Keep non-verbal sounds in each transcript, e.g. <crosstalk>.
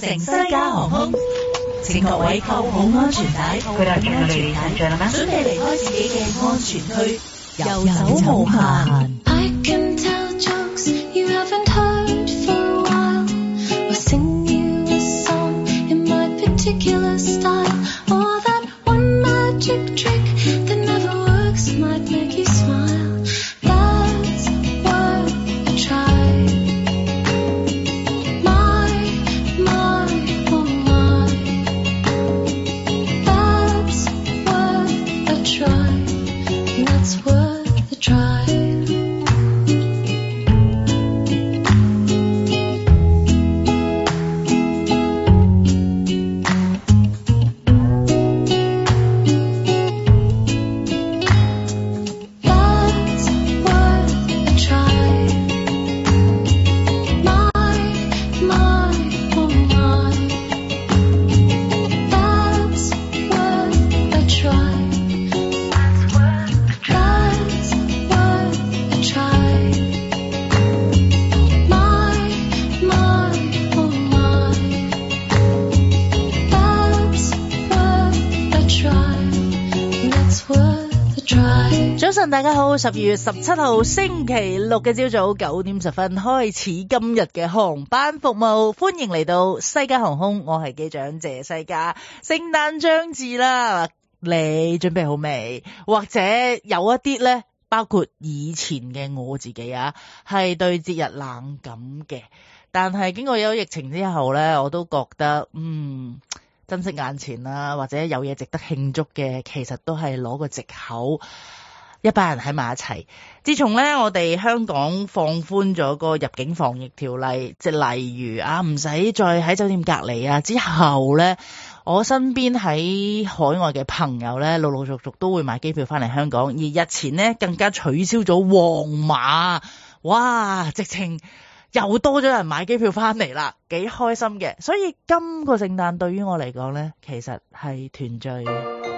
城西加航空，請各位扣好安全帶，佢哋係全安全帶在啦咩？準備離開自己嘅安全區，遊走無限。到十二月十七號星期六嘅朝早九點十分開始，今日嘅航班服務。歡迎嚟到西加航空，我係機長謝西加。聖誕將至啦，你準備好未？或者有一啲呢，包括以前嘅我自己啊，係對節日冷感嘅。但係經過有疫情之後呢，我都覺得嗯，珍惜眼前啦、啊，或者有嘢值得慶祝嘅，其實都係攞個借口。在一班人喺埋一齊。自從呢，我哋香港放寬咗個入境防疫條例，即係例如啊，唔使再喺酒店隔離啊，之後呢，我身邊喺海外嘅朋友呢，陸陸續續都會買機票翻嚟香港。而日前呢，更加取消咗黃碼，哇！直情又多咗人買機票翻嚟啦，幾開心嘅。所以今個聖誕對於我嚟講呢，其實係團聚。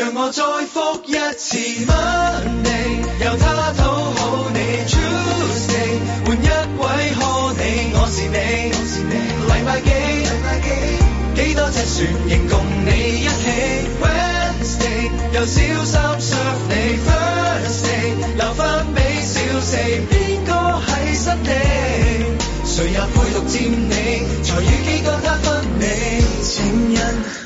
讓我再覆一次 Monday，由他討好你 Tuesday，r 換一位可你我是你，我是你。禮拜幾，幾多隻船仍共你一起 Wednesday，由小三削你 Thursday，留翻畀小四，邊個喺身邊，誰也配獨占你，才與幾個他分你，情人。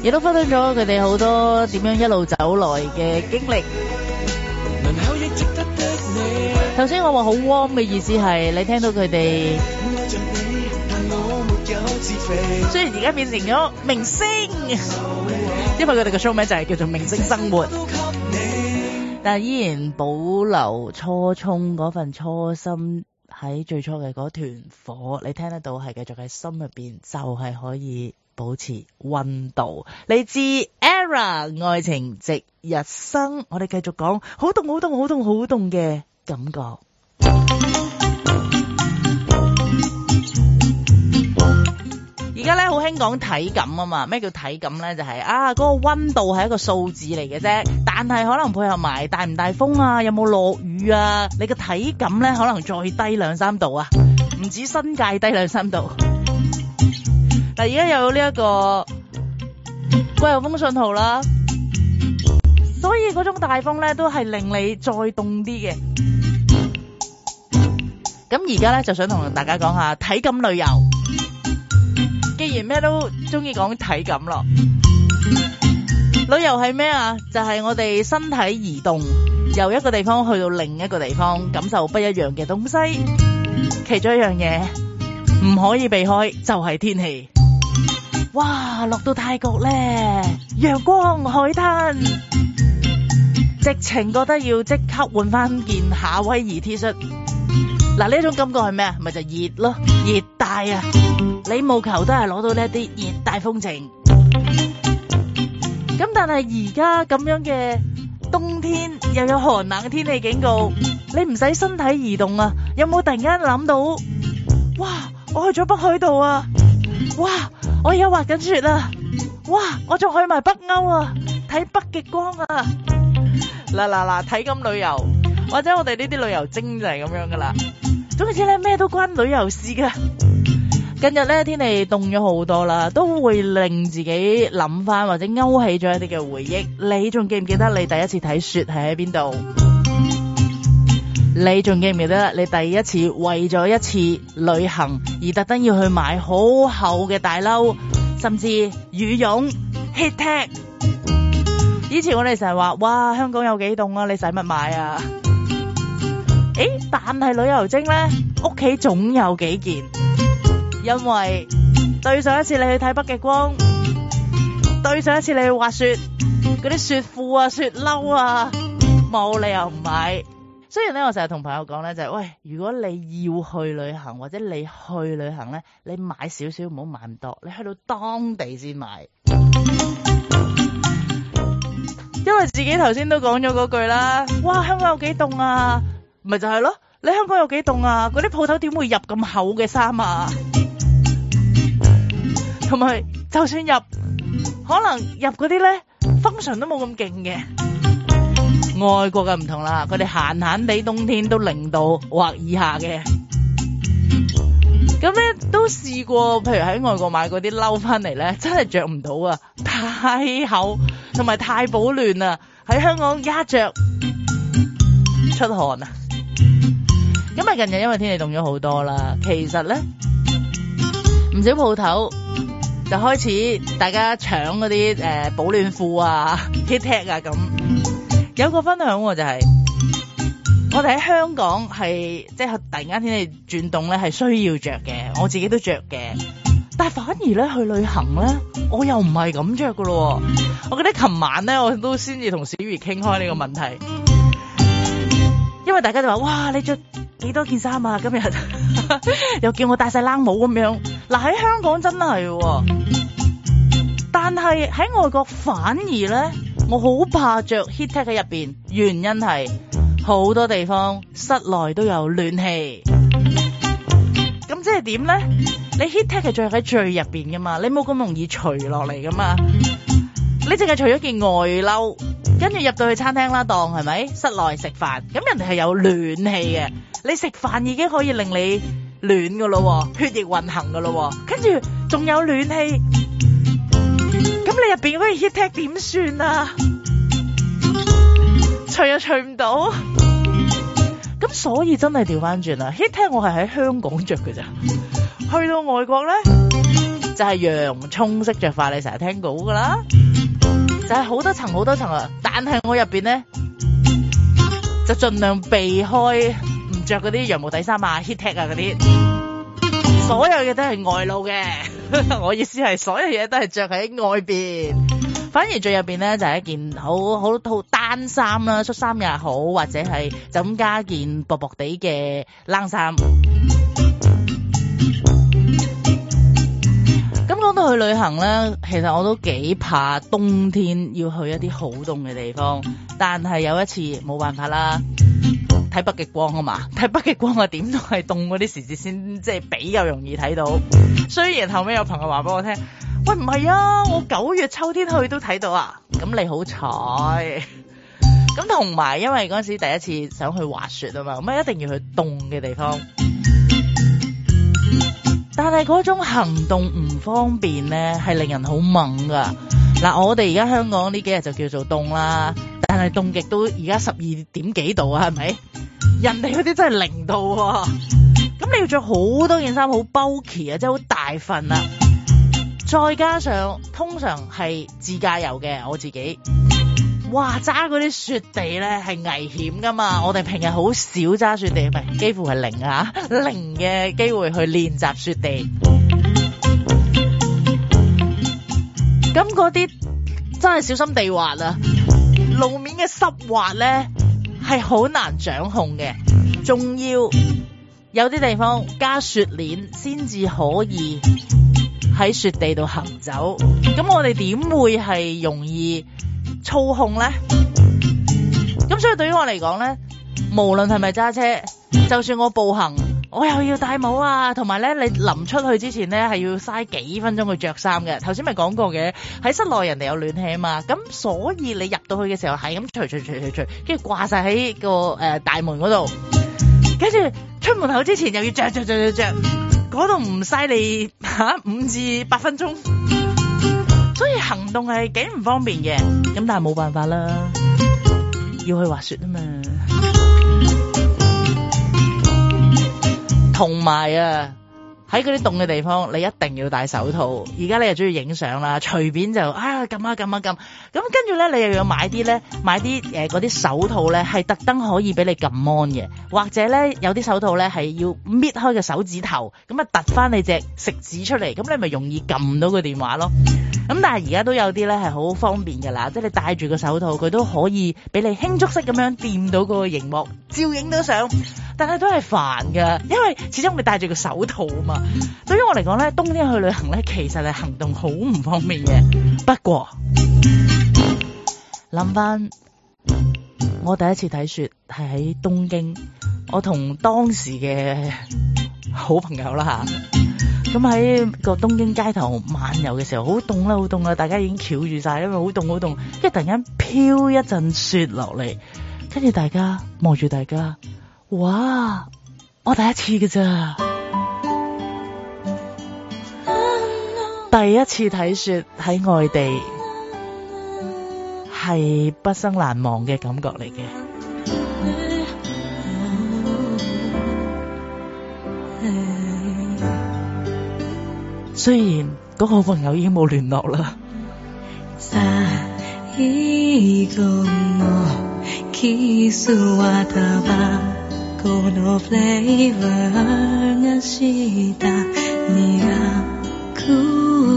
亦都分享咗佢哋好多點樣一路走來嘅經歷。頭先我話好 warm 嘅意思係，你聽到佢哋。雖然而家變成咗明星，哦、 <laughs> 因為佢哋嘅 show 名就係、是、叫做《明星生活》，但依然保留初衷嗰份初心，喺最初嘅嗰團火，你聽得到係繼續喺心入邊，就係、是、可以。保持溫度，嚟自 ERA 愛情值日生。我哋繼續講，好凍好凍好凍好凍嘅感覺。而家咧好興講體感啊嘛，咩叫體感咧？就係、是、啊，嗰、那個溫度係一個數字嚟嘅啫，但係可能配合埋大唔大風啊，有冇落雨啊？你嘅體感咧，可能再低兩三度啊，唔止新界低兩三度。嗱，而家有呢、這、一個季候風信號啦，所以嗰種大風咧都係令你再凍啲嘅。咁而家咧就想同大家講下體感旅遊。既然咩都中意講體感咯，旅遊係咩啊？就係、是、我哋身體移動，由一個地方去到另一個地方，感受不一樣嘅東西。其中一樣嘢唔可以避開就係、是、天氣。哇，落到泰國咧，陽光海灘，直情覺得要即刻換翻件夏威夷 T 恤。嗱，呢種感覺係咩啊？咪就熱咯，熱帶啊！你務求都係攞到呢一啲熱帶風情。咁但係而家咁樣嘅冬天又有寒冷嘅天氣警告，你唔使身體移動啊？有冇突然間諗到？哇，我去咗北海道啊！哇！我而家滑緊雪啊！哇！我仲去埋北歐啊，睇北極光啊！嗱嗱嗱，睇咁旅遊，或者我哋呢啲旅遊精就係咁樣噶啦。總之咧，咩都關旅遊事噶。近日咧，天氣凍咗好多啦，都會令自己諗翻或者勾起咗一啲嘅回憶。你仲記唔記得你第一次睇雪係喺邊度？你仲記唔記得你第一次為咗一次旅行而特登要去買好厚嘅大褸，甚至羽絨 Heattech？以前我哋成日話，哇，香港有幾凍啊，你使乜買啊？誒，但係旅遊精咧，屋企總有幾件，因為對上一次你去睇北極光，對上一次你去滑雪，嗰啲雪褲啊、雪褸啊，冇理由唔買。雖然咧，我成日同朋友講咧，就係喂，如果你要去旅行或者你去旅行咧，你買少少唔好買咁多，你去到當地先買。因為自己頭先都講咗嗰句啦，哇，香港有幾凍啊？咪就係咯，你香港有幾凍啊？嗰啲鋪頭點會入咁厚嘅衫啊？同埋，就算入，可能入嗰啲咧，風順都冇咁勁嘅。外國嘅唔同啦，佢哋閒閒地冬天都零度，或以下嘅，咁咧都試過，譬如喺外國買嗰啲褸翻嚟咧，真係着唔到啊，太厚同埋太保暖啊。喺香港一着出汗啊。咁啊，近日因為天氣凍咗好多啦，其實咧唔少鋪頭就開始大家搶嗰啲誒保暖褲啊、Heattech 啊咁。有個分享、啊、就係、是，我哋喺香港係即係突然間天氣轉動咧，係需要着嘅，我自己都着嘅。但係反而咧去旅行咧，我又唔係咁着噶咯。我記得琴晚咧，我都先至同小魚傾開呢個問題，因為大家就話哇，你着幾多件衫啊？今日 <laughs> 又叫我戴晒冷帽咁樣。嗱，喺香港真係、啊，但係喺外國反而咧。我好怕著 heattech 喺入邊，原因係好多地方室內都有暖氣，咁即係點咧？你 heattech 係著喺最入邊噶嘛？你冇咁容易除落嚟噶嘛？你淨係除咗件外褸，跟住入到去餐廳啦，當係咪？室內食飯，咁人哋係有暖氣嘅，你食飯已經可以令你暖噶咯，血液運行噶咯，跟住仲有暖氣。咁你入面嗰啲 heattech 點算啊？除又除唔到。咁所以真係調翻轉啦，heattech 我係喺香港着嘅咋。去到外國咧就係、是、洋葱式着法，你成日聽到㗎啦。就係、是、好多層好多層啊，但係我入面咧就盡量避開唔着嗰啲羊毛底衫啊、 <laughs> heattech 啊嗰啲，所有嘢都係外露嘅。 <laughs> 我意思係所有嘢都係着喺外邊，反而最入邊咧就係、是、一件好好套單衫啦，恤衫又好，或者係就咁加件薄薄地嘅冷衫。咁講 <music> 到去旅行咧，其實我都幾怕冬天要去一啲好凍嘅地方，但係有一次冇辦法啦。睇北極光啊嘛，睇北極光啊點都係凍嗰啲時節先，即係比較容易睇到。雖然後尾有朋友話俾我聽，喂唔係啊，我九月秋天去都睇到啊，咁你好彩。咁同埋因為嗰陣時第一次想去滑雪啊嘛，咁啊一定要去凍嘅地方。但係嗰種行動唔方便咧，係令人好猛噶。嗱，我哋而家香港呢幾日就叫做凍啦。但係凍極都而家十二點幾度啊，係咪？人哋嗰啲真係零度喎，咁你要着好多件衫，好 bulky 啊，即係好大份啊。再加上通常係自駕遊嘅，我自己哇揸嗰啲雪地咧係危險噶嘛，我哋平日好少揸雪地，唔係幾乎係零啊，零嘅機會去練習雪地，咁嗰啲真係小心地滑啊！路面嘅濕滑咧係好難掌控嘅，仲要有啲地方加雪鏈先至可以喺雪地度行走。咁我哋點會係容易操控咧？咁所以對於我嚟講咧，無論係咪揸車，就算我步行。我又要戴帽啊，同埋咧，你臨出去之前咧係要嘥幾分鐘去着衫嘅。頭先咪講過嘅，喺室內人哋有暖氣啊嘛，咁所以你入到去嘅時候係咁除除除除除，跟住掛晒喺個誒、呃、大門嗰度，跟住出門口之前又要着着着着着，嗰度唔嘥你吓五至八分鐘，所以行動係幾唔方便嘅。咁但係冇辦法啦，要去滑雪啊嘛。同埋啊！喺嗰啲凍嘅地方，你一定要戴手套。而家你又中意影相啦，隨便就、哎、啊撳啊撳啊撳。咁跟住咧，你又要買啲咧，買啲誒嗰啲手套咧，係特登可以俾你撳芒嘅，或者咧有啲手套咧係要搣開個手指頭，咁啊突翻你隻食指出嚟，咁你咪容易撳到個電話咯。咁但係而家都有啲咧係好方便㗎啦，即係你戴住個手套，佢都可以俾你輕觸式咁樣掂到嗰個熒幕，照影到相。但係都係煩㗎，因為始終你戴住個手套啊嘛。對於我嚟講咧，冬天去旅行咧，其實係行動好唔方便嘅。不過諗翻，我第一次睇雪係喺東京，我同當時嘅好朋友啦吓，咁喺個東京街頭漫遊嘅時候，好凍啦，好凍啦，大家已經翹住晒，因為好凍好凍，跟住突然間飄一陣雪落嚟，跟住大家望住大家，哇，我第一次嘅咋！第一次睇雪喺外地，係畢生難忘嘅感覺嚟嘅。 <music> 雖然嗰個朋友已經冇聯絡啦。 <music>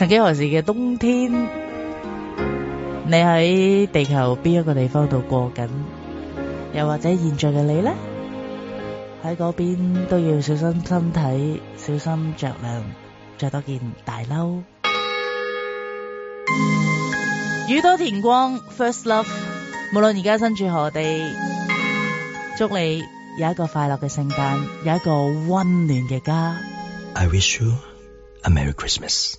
曾幾何時嘅冬天，你喺地球邊一個地方度過緊，又或者現在嘅你呢？喺嗰邊都要小心身體，小心着涼，着多件大褸。宇 <music> 多田光 First Love，無論而家身處何地，祝你有一個快樂嘅聖誕，有一個溫暖嘅家。I wish you a Merry Christmas。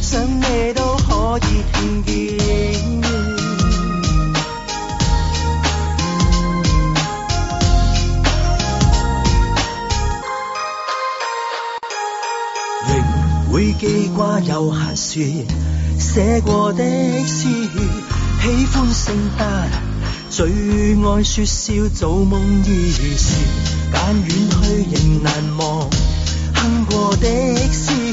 想你都可以聽見，仍會記掛有閒時寫過的詩，喜歡聖誕，最愛說笑做夢意時，但遠去仍難忘哼過的詩。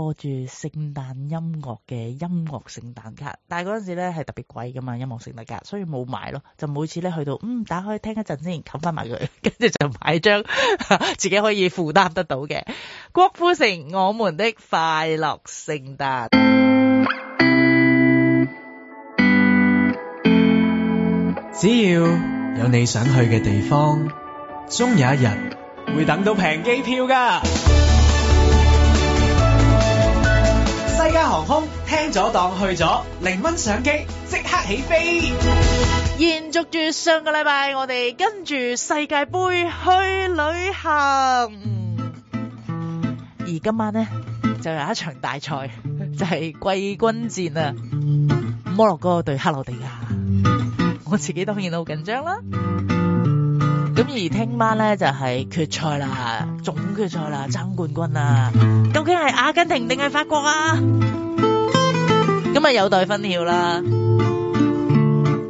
播住聖誕音樂嘅音樂聖誕卡，但係嗰陣時咧係特別貴噶嘛，音樂聖誕卡，所以冇買咯。就每次咧去到，嗯，打開聽一陣先，冚翻埋佢，跟住就買張自己可以負擔得到嘅郭富城《我們的快樂聖誕》。只要有你想去嘅地方，終有一日會等到平機票噶。西加航空聽咗當去咗零蚊上機即刻起飛。延續住上個禮拜，我哋跟住世界盃去旅行。而今晚呢，就有一場大賽，就係、是、季軍戰啊，摩洛哥對克羅地亞。我自己當然好緊張啦。咁而聽晚咧就係決賽啦，總決賽啦，爭冠軍啦。究竟係阿根廷定係法國啊？咁啊有待分曉啦。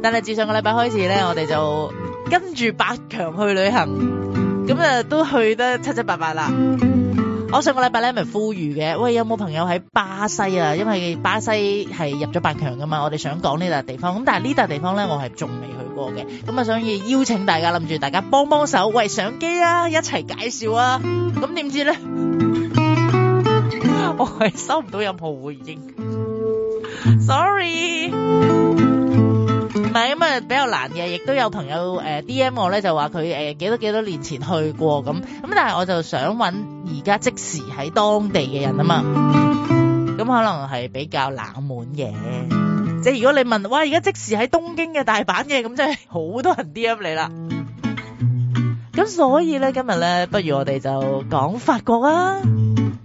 但係自上個禮拜開始咧，我哋就跟住八強去旅行，咁啊都去得七七八八啦。我上個禮拜咧咪呼籲嘅，喂，有冇朋友喺巴西啊？因為巴西係入咗八強㗎嘛，我哋想講呢笪地方。咁但係呢笪地方咧，我係仲未去過嘅，咁啊所以邀請大家諗住大家幫幫手，喂，上機啊，一齊介紹啊。咁點知咧，我係收唔到任何回應，sorry。唔係咁啊，比較難嘅，亦都有朋友誒 DM 我咧，就話佢誒幾多幾多年前去過咁，咁但係我就想揾而家即時喺當地嘅人啊嘛，咁可能係比較冷門嘅，即係如果你問，哇！而家即時喺東京嘅大阪嘅，咁真係好多人 DM 你啦，咁所以咧今日咧，不如我哋就講法國啊，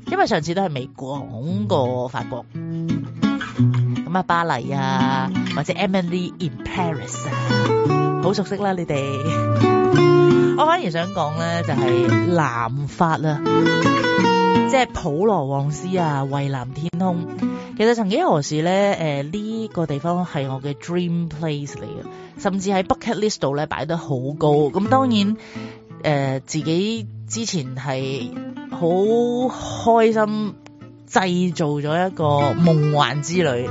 因為上次都係未講過法國。咁啊巴黎啊，或者 Emily in Paris 啊，好熟悉啦、啊、你哋。 <laughs> 我反而想講咧，就係、是、南法啦，即係普羅旺斯啊，蔚藍天空。其實曾幾何時咧，誒、呃、呢、這個地方係我嘅 dream place 嚟嘅，甚至喺 bucket list 度咧擺得好高。咁當然誒、呃、自己之前係好開心。製造咗一個夢幻之旅，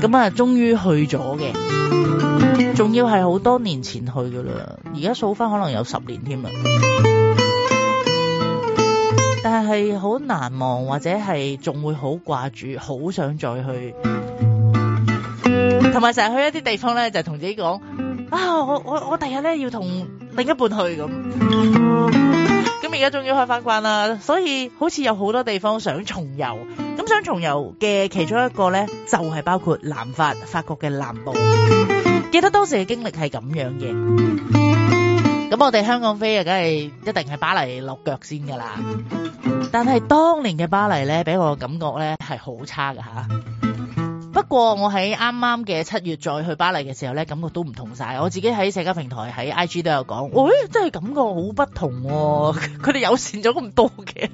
咁啊，終於去咗嘅，仲要係好多年前去噶啦，而家數翻可能有十年添喇。但係好難忘，或者係仲會好掛住，好想再去，同埋成日去一啲地方咧，就係同自己講：啊，我我我第日咧要同另一半去咁。而家仲要開返關啦，所以好似有好多地方想重遊，咁想重遊嘅其中一個呢，就係包括南法、法國嘅南部。記得當時嘅經歷係咁樣嘅，咁我哋香港飛啊，梗係一定係巴黎落腳先噶啦。但係當年嘅巴黎呢，俾我感覺呢，係好差嘅嚇。不過我喺啱啱嘅七月再去巴黎嘅時候咧，感覺都唔同晒。我自己喺社交平台喺 IG 都有講，喂，真係感覺好不同喎、哦，佢哋友善咗咁多嘅。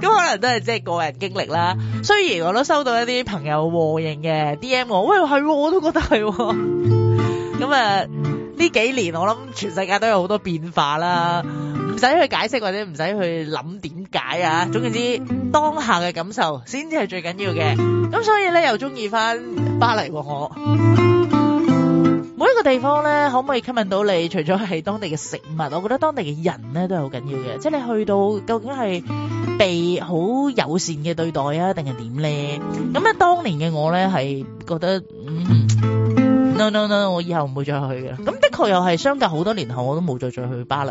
咁可能都係即係個人經歷啦。雖然我都收到一啲朋友和應嘅 DM 喎，喂係、哦、我都覺得係、哦。咁 <laughs> 啊。呢幾年我諗全世界都有好多變化啦，唔使去解釋或者唔使去諗點解啊。總之，當下嘅感受先至係最緊要嘅。咁所以咧又中意翻巴黎喎我。每一個地方咧可唔可以吸引到你？除咗係當地嘅食物，我覺得當地嘅人咧都係好緊要嘅。即係你去到究竟係被好友善嘅對待啊，定係點咧？咁咧當年嘅我咧係覺得，no no no，我以後唔會再去嘅。咁。.又係相隔好多年後，我都冇再再去巴黎。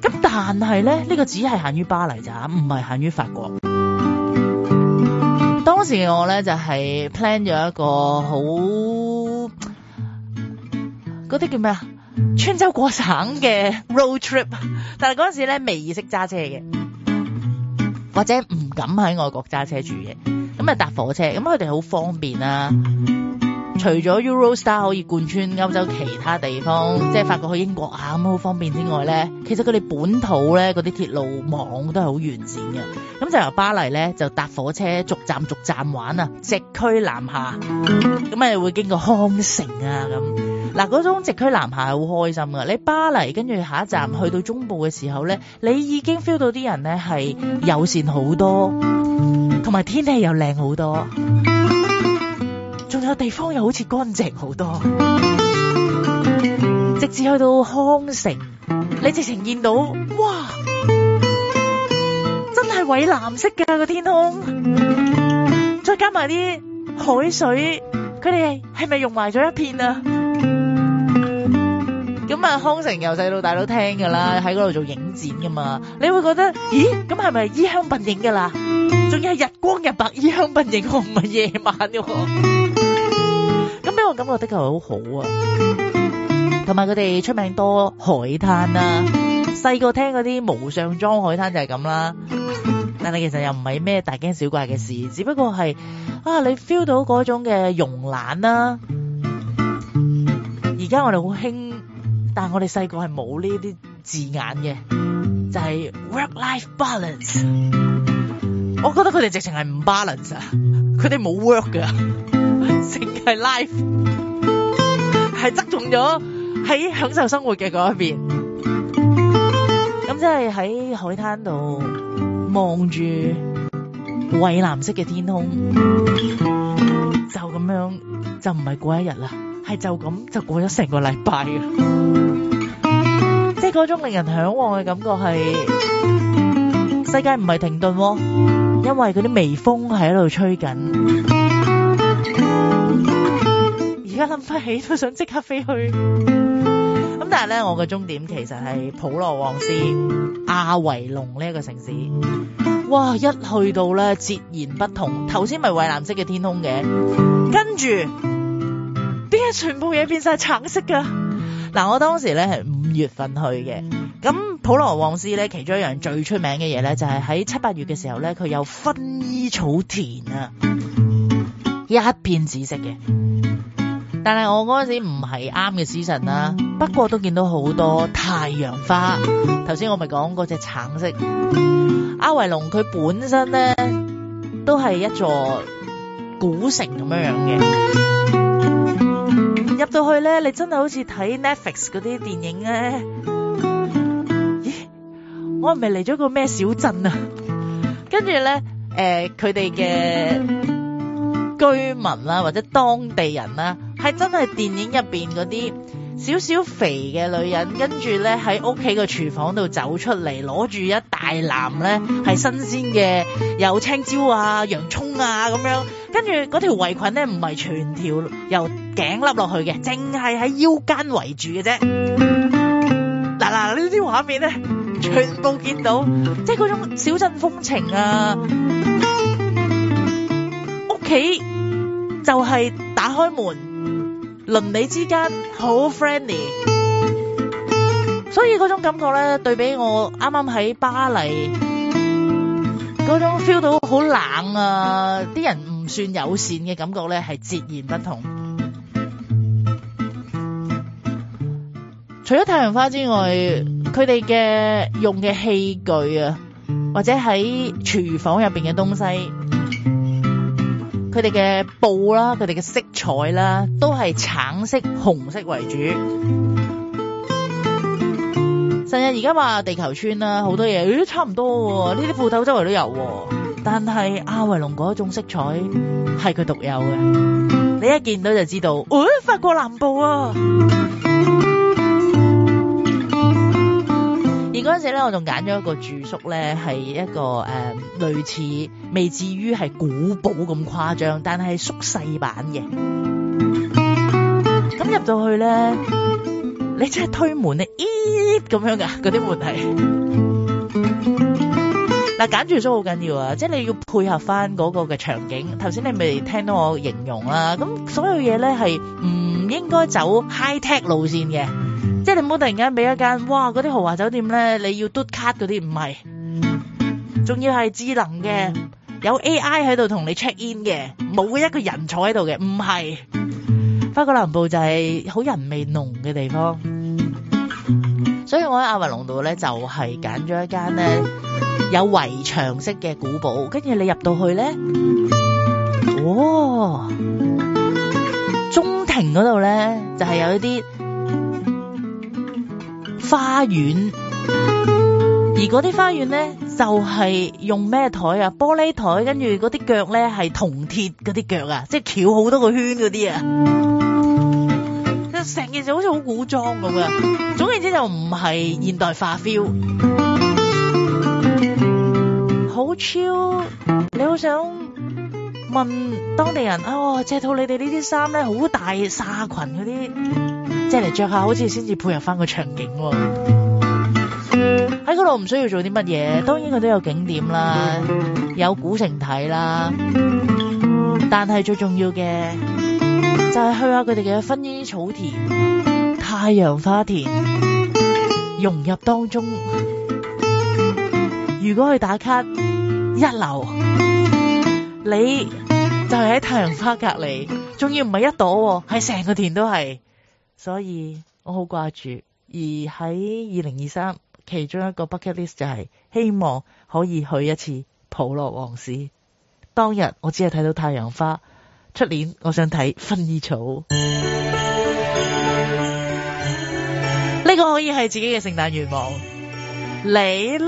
咁但係咧，呢、這個只係限於巴黎咋，唔係限於法國。 <music> 當時我咧就係、是、plan 咗一個好嗰啲叫咩啊，穿州過省嘅 road trip 但。但係嗰陣時咧未意識揸車嘅， <music> 或者唔敢喺外國揸車住嘅，咁啊搭火車，咁佢哋好方便啦、啊。除咗 Eurostar 可以貫穿歐洲其他地方，即係法國去英國啊咁好方便之外咧，其實佢哋本土咧嗰啲鐵路網都係好完善嘅。咁就由巴黎咧就搭火車，逐站逐站玩啊，直驅南下。咁你會經過康城啊咁。嗱，嗰種直驅南下係好開心嘅。你巴黎跟住下一站去到中部嘅時候咧，你已經 feel 到啲人咧係友善好多，同埋天氣又靚好多。個地方又好似乾淨好多，直至去到康城，你直情見到哇，真係蔚藍色嘅個天空，再加埋啲海水，佢哋係咪融埋咗一片啊？咁啊，康城由細到大都聽噶啦，喺嗰度做影展噶嘛，你會覺得，咦？咁係咪衣香鬢影噶啦？仲要係日光日白衣香鬢影，我唔係夜晚嘅。我感覺的確係好好啊，同埋佢哋出名多海灘啦、啊。細個聽嗰啲《無上裝海灘》就係咁啦。但係其實又唔係咩大驚小怪嘅事，只不過係啊，你 feel 到嗰種嘅慵懶啦、啊。而家我哋好興，但係我哋細個係冇呢啲字眼嘅，就係、是、work-life balance。我覺得佢哋直情係唔 balance 啊，佢哋冇 work 噶。淨係 life，係側重咗喺享受生活嘅嗰一邊。咁即係喺海灘度望住蔚藍色嘅天空，就咁樣就唔係過一日啦，係就咁就過咗成個禮拜。即係嗰種令人嚮往嘅感覺係，世界唔係停頓，因為嗰啲微風喺度吹緊。而家諗返起都想即刻飛去，咁但係咧，我個終點其實係普羅旺斯阿維隆呢一個城市。哇！一去到咧，截然不同。頭先咪蔚藍色嘅天空嘅，跟住點解全部嘢變晒橙色噶？嗱，我當時咧係五月份去嘅，咁普羅旺斯咧，其中一樣最出名嘅嘢咧，就係喺七八月嘅時候咧，佢有薰衣草田啊。一片紫色嘅，但係我嗰陣時唔係啱嘅季節啦，不過都見到好多太陽花。頭先我咪講嗰隻橙色，阿維龍佢本身咧都係一座古城咁樣樣嘅。入到去咧，你真係好似睇 Netflix 嗰啲電影咧。咦？我係咪嚟咗個咩小鎮啊？ <laughs> 跟住咧，誒佢哋嘅。居民啊，或者當地人啦，係真係電影入邊嗰啲少少肥嘅女人，跟住咧喺屋企個廚房度走出嚟，攞住一大籃咧係新鮮嘅有青椒啊、洋葱啊咁樣，跟住嗰條圍裙咧唔係全條由頸笠落去嘅，淨係喺腰間圍住嘅啫。嗱嗱，呢啲畫面咧，全部見到，即係嗰種小鎮風情啊！屋企就係、是、打開門，鄰里之間好 friendly，所以嗰種感覺咧，對比我啱啱喺巴黎嗰種 feel 到好冷啊，啲人唔算友善嘅感覺咧，係截然不同。除咗太陽花之外，佢哋嘅用嘅器具啊，或者喺廚房入邊嘅東西。佢哋嘅布啦，佢哋嘅色彩啦，都係橙色、紅色為主。甚至而家話地球村啦，好多嘢，咦、哎，都差唔多呢啲鋪頭周圍都有，但係阿維龍嗰一種色彩係佢獨有嘅，你一見到就知道，誒、哎，法國南部啊！嗰陣時咧，我仲揀咗一個住宿咧，係一個誒、嗯、類似未至於係古堡咁誇張，但係縮細版嘅。咁入到去咧，你即係推門咧，咦咁樣噶，嗰啲門係。嗱揀 <laughs> 住宿好緊要啊，即係你要配合翻嗰個嘅場景。頭先你咪聽到我形容啦，咁所有嘢咧係唔應該走 high tech 路線嘅。即係你唔好突然間俾一間，哇！嗰啲豪華酒店咧，你要嘟卡嗰啲唔係，仲要係智能嘅，有 AI 喺度同你 check in 嘅，冇一個人坐喺度嘅，唔係。法國南部就係好人味濃嘅地方，所以我喺阿雲龍道咧就係揀咗一間咧有圍牆式嘅古堡，跟住你入到去咧，哦，中庭嗰度咧就係有一啲。花園，而嗰啲花園咧就係、是、用咩台啊？玻璃台，跟住嗰啲腳咧係銅鐵嗰啲腳啊，即係翹好多個圈嗰啲啊，成件事好似好古裝咁嘅。總言之就唔係現代化 feel，好超！ <music> ill, 你好想問當地人啊、哦，借套你哋呢啲衫咧，好大紗裙嗰啲。即係嚟着下，好似先至配合翻個場景喎。喺嗰度唔需要做啲乜嘢，當然佢都有景點啦，有古城睇啦。但係最重要嘅就係、是、去下佢哋嘅薰衣草田、太陽花田，融入當中。如果去打卡，一流。你就係、是、喺太陽花隔籬，仲要唔係一朵，係成個田都係。所以我好掛住，而喺二零二三，其中一個 bucket list 就係、是、希望可以去一次普羅旺斯。當日我只係睇到太陽花，出年我想睇薰衣草。呢 <noise> 個可以係自己嘅聖誕願望。你咧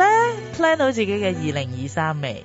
plan 到自己嘅二零二三未？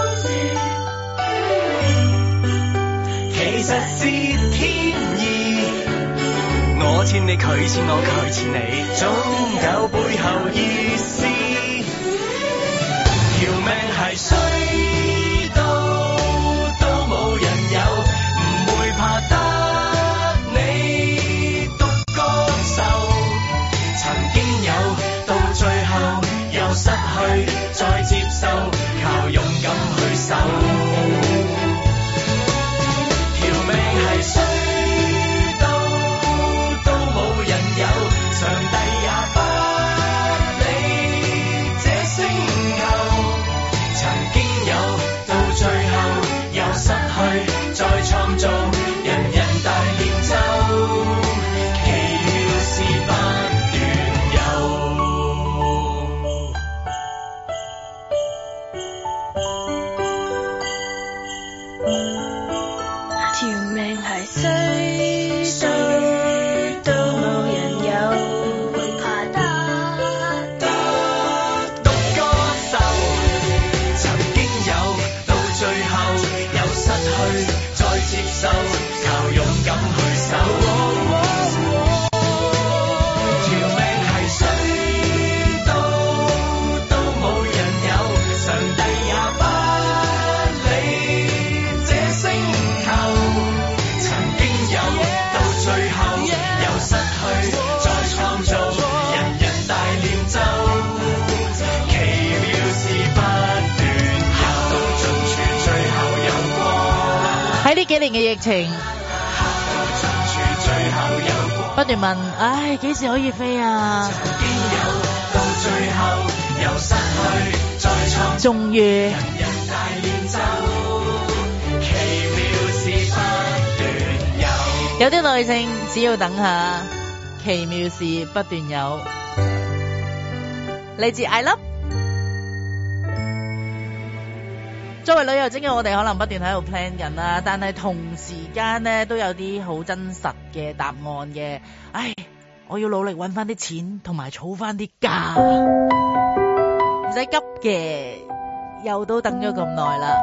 實是天意，我欠你，佢欠我，佢欠你，總有背後意思。條、嗯、命係衰。幾時可以飛啊？曾經有，到最後又失去，再創。終於人人大演奏，奇妙事不斷有。有啲女性只要等下，奇妙事不斷有。嚟自 I Love。作為旅遊精嘅我哋可能不斷喺度 plan 緊啦，但係同時間呢，都有啲好真實嘅答案嘅。唉。我要努力揾翻啲錢，同埋儲翻啲價，唔使急嘅，又都等咗咁耐啦。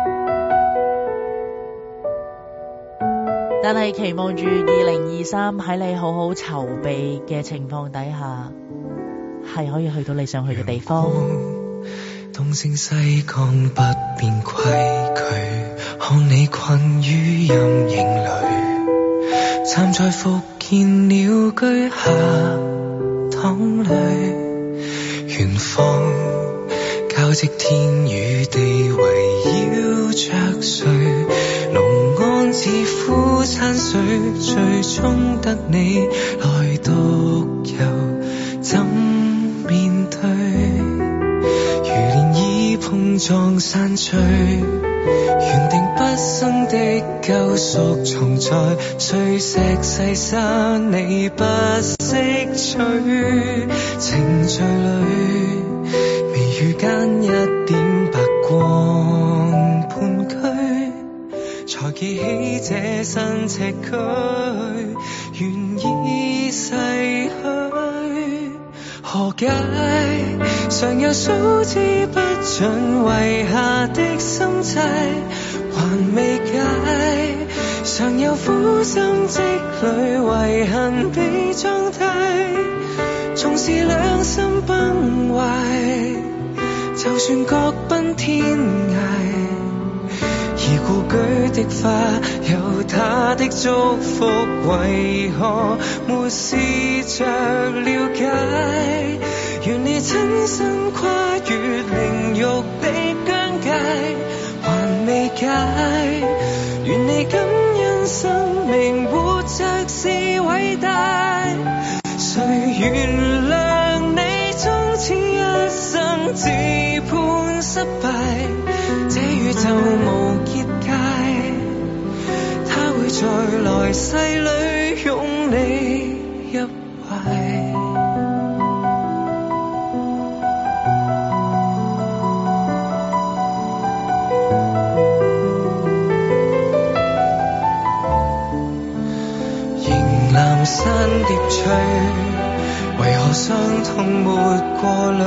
但係期望住二零二三喺你好好籌備嘅情況底下，係可以去到你想去嘅地方。東昇西降不變規矩，看你困於陰影裡，站在伏見鳥居下淌淚，遠方，交織，天與地圍繞着誰？龍安寺枯山水，最終得你來獨遊。怎面對？如漣漪碰撞散聚？原定畢生的救贖，藏在碎石細沙，你不識趣。程序裏，微雨間一點白光盤踞，才記起這身赤軀，願意。何解？常有數之不盡遺下的心債，還未解。常有苦心積累遺恨被裝低，縱是兩心崩壞，就算各奔天涯。舉的花，有他的祝福，為何沒試着了解？願你親身跨越靈肉的疆界，還未解。願你感恩生命，活着是偉大。誰原諒你，終此一生自判失敗？這宇宙無。在來世裏擁你一懷， <music> 迎南山疊翠，為何傷痛沒過累？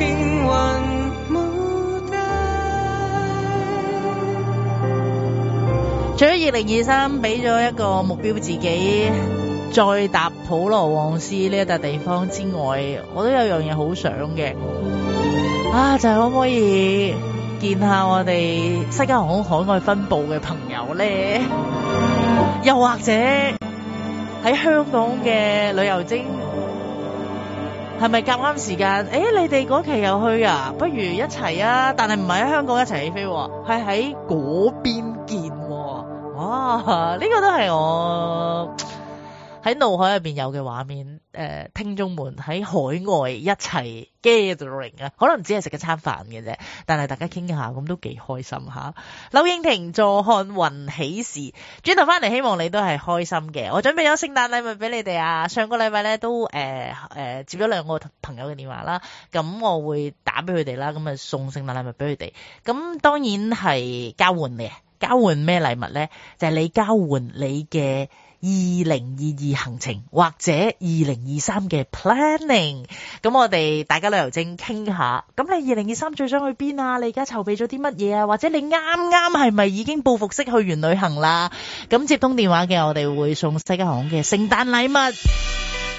天除咗二零二三俾咗一個目標自己再搭普羅旺斯呢一笪地方之外，我都有樣嘢好想嘅，啊就係可唔可以見下我哋西加航空海外分部嘅朋友咧？又或者喺香港嘅旅遊精？係咪咁啱時間？誒、欸，你哋嗰期又去啊？不如一齊呀，但係唔係喺香港一齊起飛，係喺嗰邊見喎。哇！呢個都係我。喺腦海入邊有嘅畫面，誒、呃，聽眾們喺海外一齊 gathering 啊，可能只係食一餐飯嘅啫，但係大家傾下咁都幾開心吓、啊。柳英婷坐看雲起時，轉頭翻嚟，希望你都係開心嘅。我準備咗聖誕禮物俾你哋啊！上個禮拜咧都誒誒接咗兩個朋友嘅電話啦，咁我會打俾佢哋啦，咁啊送聖誕禮物俾佢哋。咁當然係交換嘅，交換咩禮物咧？就係、是、你交換你嘅。二零二二行程或者二零二三嘅 planning，咁我哋大家旅遊證傾下，咁你二零二三最想去邊啊？你而家籌備咗啲乜嘢啊？或者你啱啱係咪已經報復式去完旅行啦？咁接通電話嘅，我哋會送西加航空嘅聖誕禮物，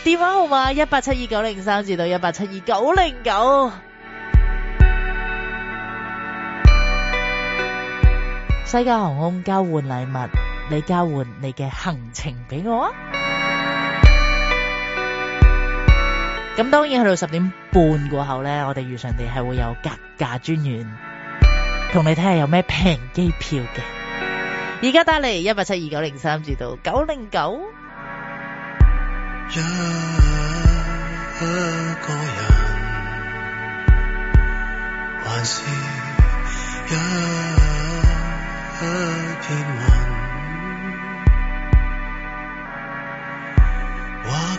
電話號碼一八七二九零三至到一八七二九零九，西加航空交換禮物。你交換你嘅行程俾我啊！咁 <music> 當然去到十點半過後咧，我哋遇上地係會有格價專員同你睇下有咩平機票嘅。而家打嚟一八七二九零三至到九零九。一人一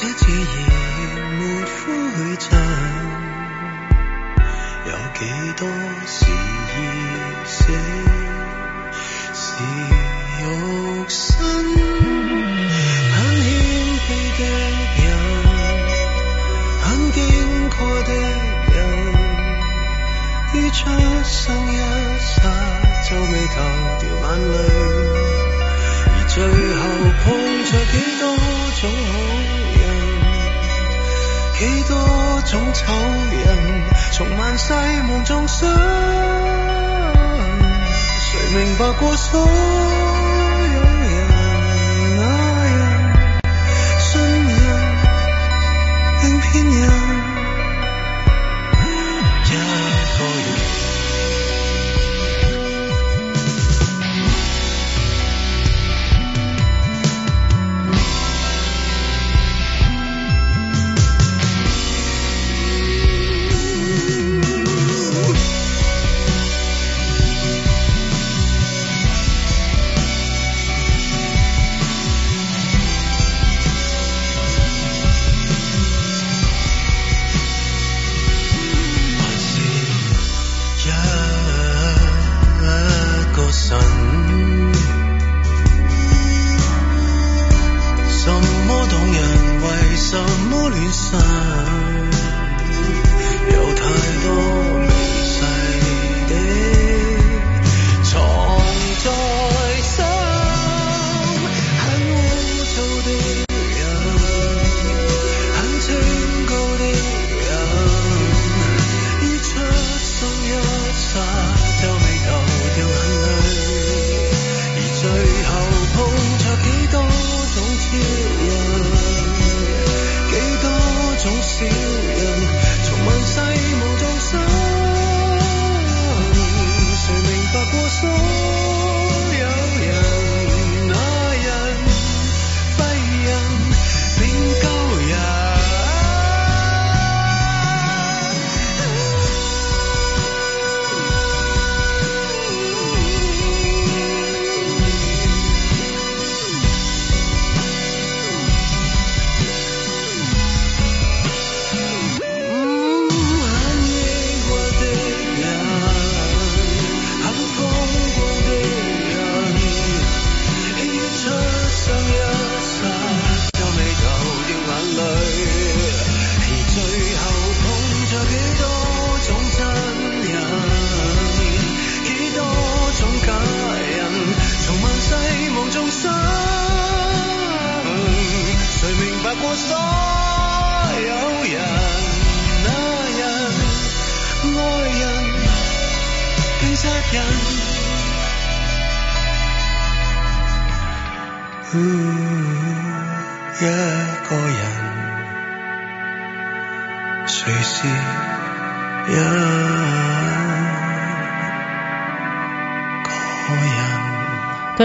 這自然沒灰塵，有幾多是易死，是肉身。很、嗯、謙卑的人，很經過的人，於出生一剎就未逃掉眼淚，而最後碰着幾多種好，總可幾多種醜人，從萬世望眾生，誰明白過數？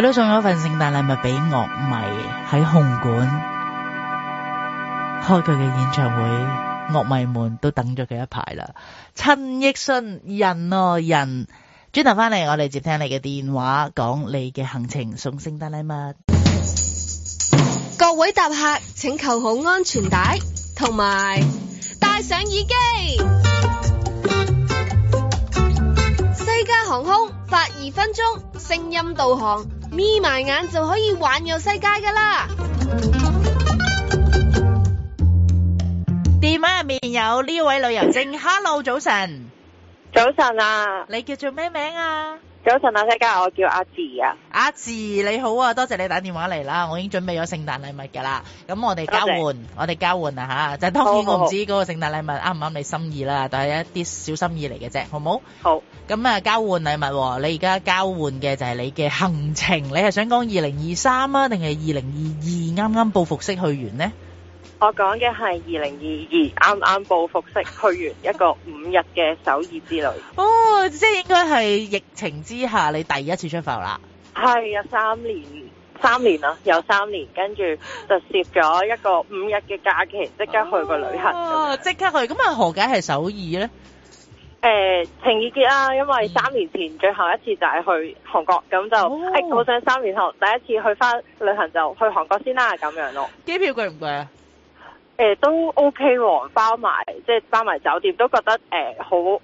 都送咗份聖誕禮物俾樂迷喺紅館開佢嘅演唱會，樂迷們都等咗佢一排啦。陳奕迅人哦人，轉頭翻嚟，我哋接聽你嘅電話，講你嘅行程送聖誕禮物。各位搭客，請扣好安全帶，同埋戴上耳機。西加航空發二分鐘聲音導航。眯埋眼就可以環遊世界噶啦！電話入面有呢位旅遊證，Hello，早晨，早晨啊，你叫做咩名啊？早晨啊，西加，我叫阿志啊。阿志你好啊，多謝你打電話嚟啦，我已經準備咗聖誕禮物噶啦。咁我哋交換，謝我哋交換啊吓，就當然我唔知嗰個聖誕禮物啱唔啱你心意啦，但係一啲小心意嚟嘅啫，好唔好？好。咁啊，交換禮物，你而家交換嘅就係你嘅行程，你係想講二零二三啊，定係二零二二？啱啱報復式去完呢？我講嘅係二零二二啱啱報復式去完一個五日嘅首爾之旅， <laughs> 哦，即係應該係疫情之下你第一次出發啦。係啊，三年三年啦，有三年，跟住就攝咗一個五日嘅假期，即刻去個旅行。哦，即樣刻去，咁啊何解係首爾咧？誒、呃，情意結啦、啊，因為三年前、嗯、最後一次就係去韓國，咁就誒好、哦欸、想三年後第一次去翻旅行就去韓國先啦、啊，咁樣咯。機票貴唔貴啊？誒、呃，都 OK，包埋即係包埋酒店，都覺得誒、呃、好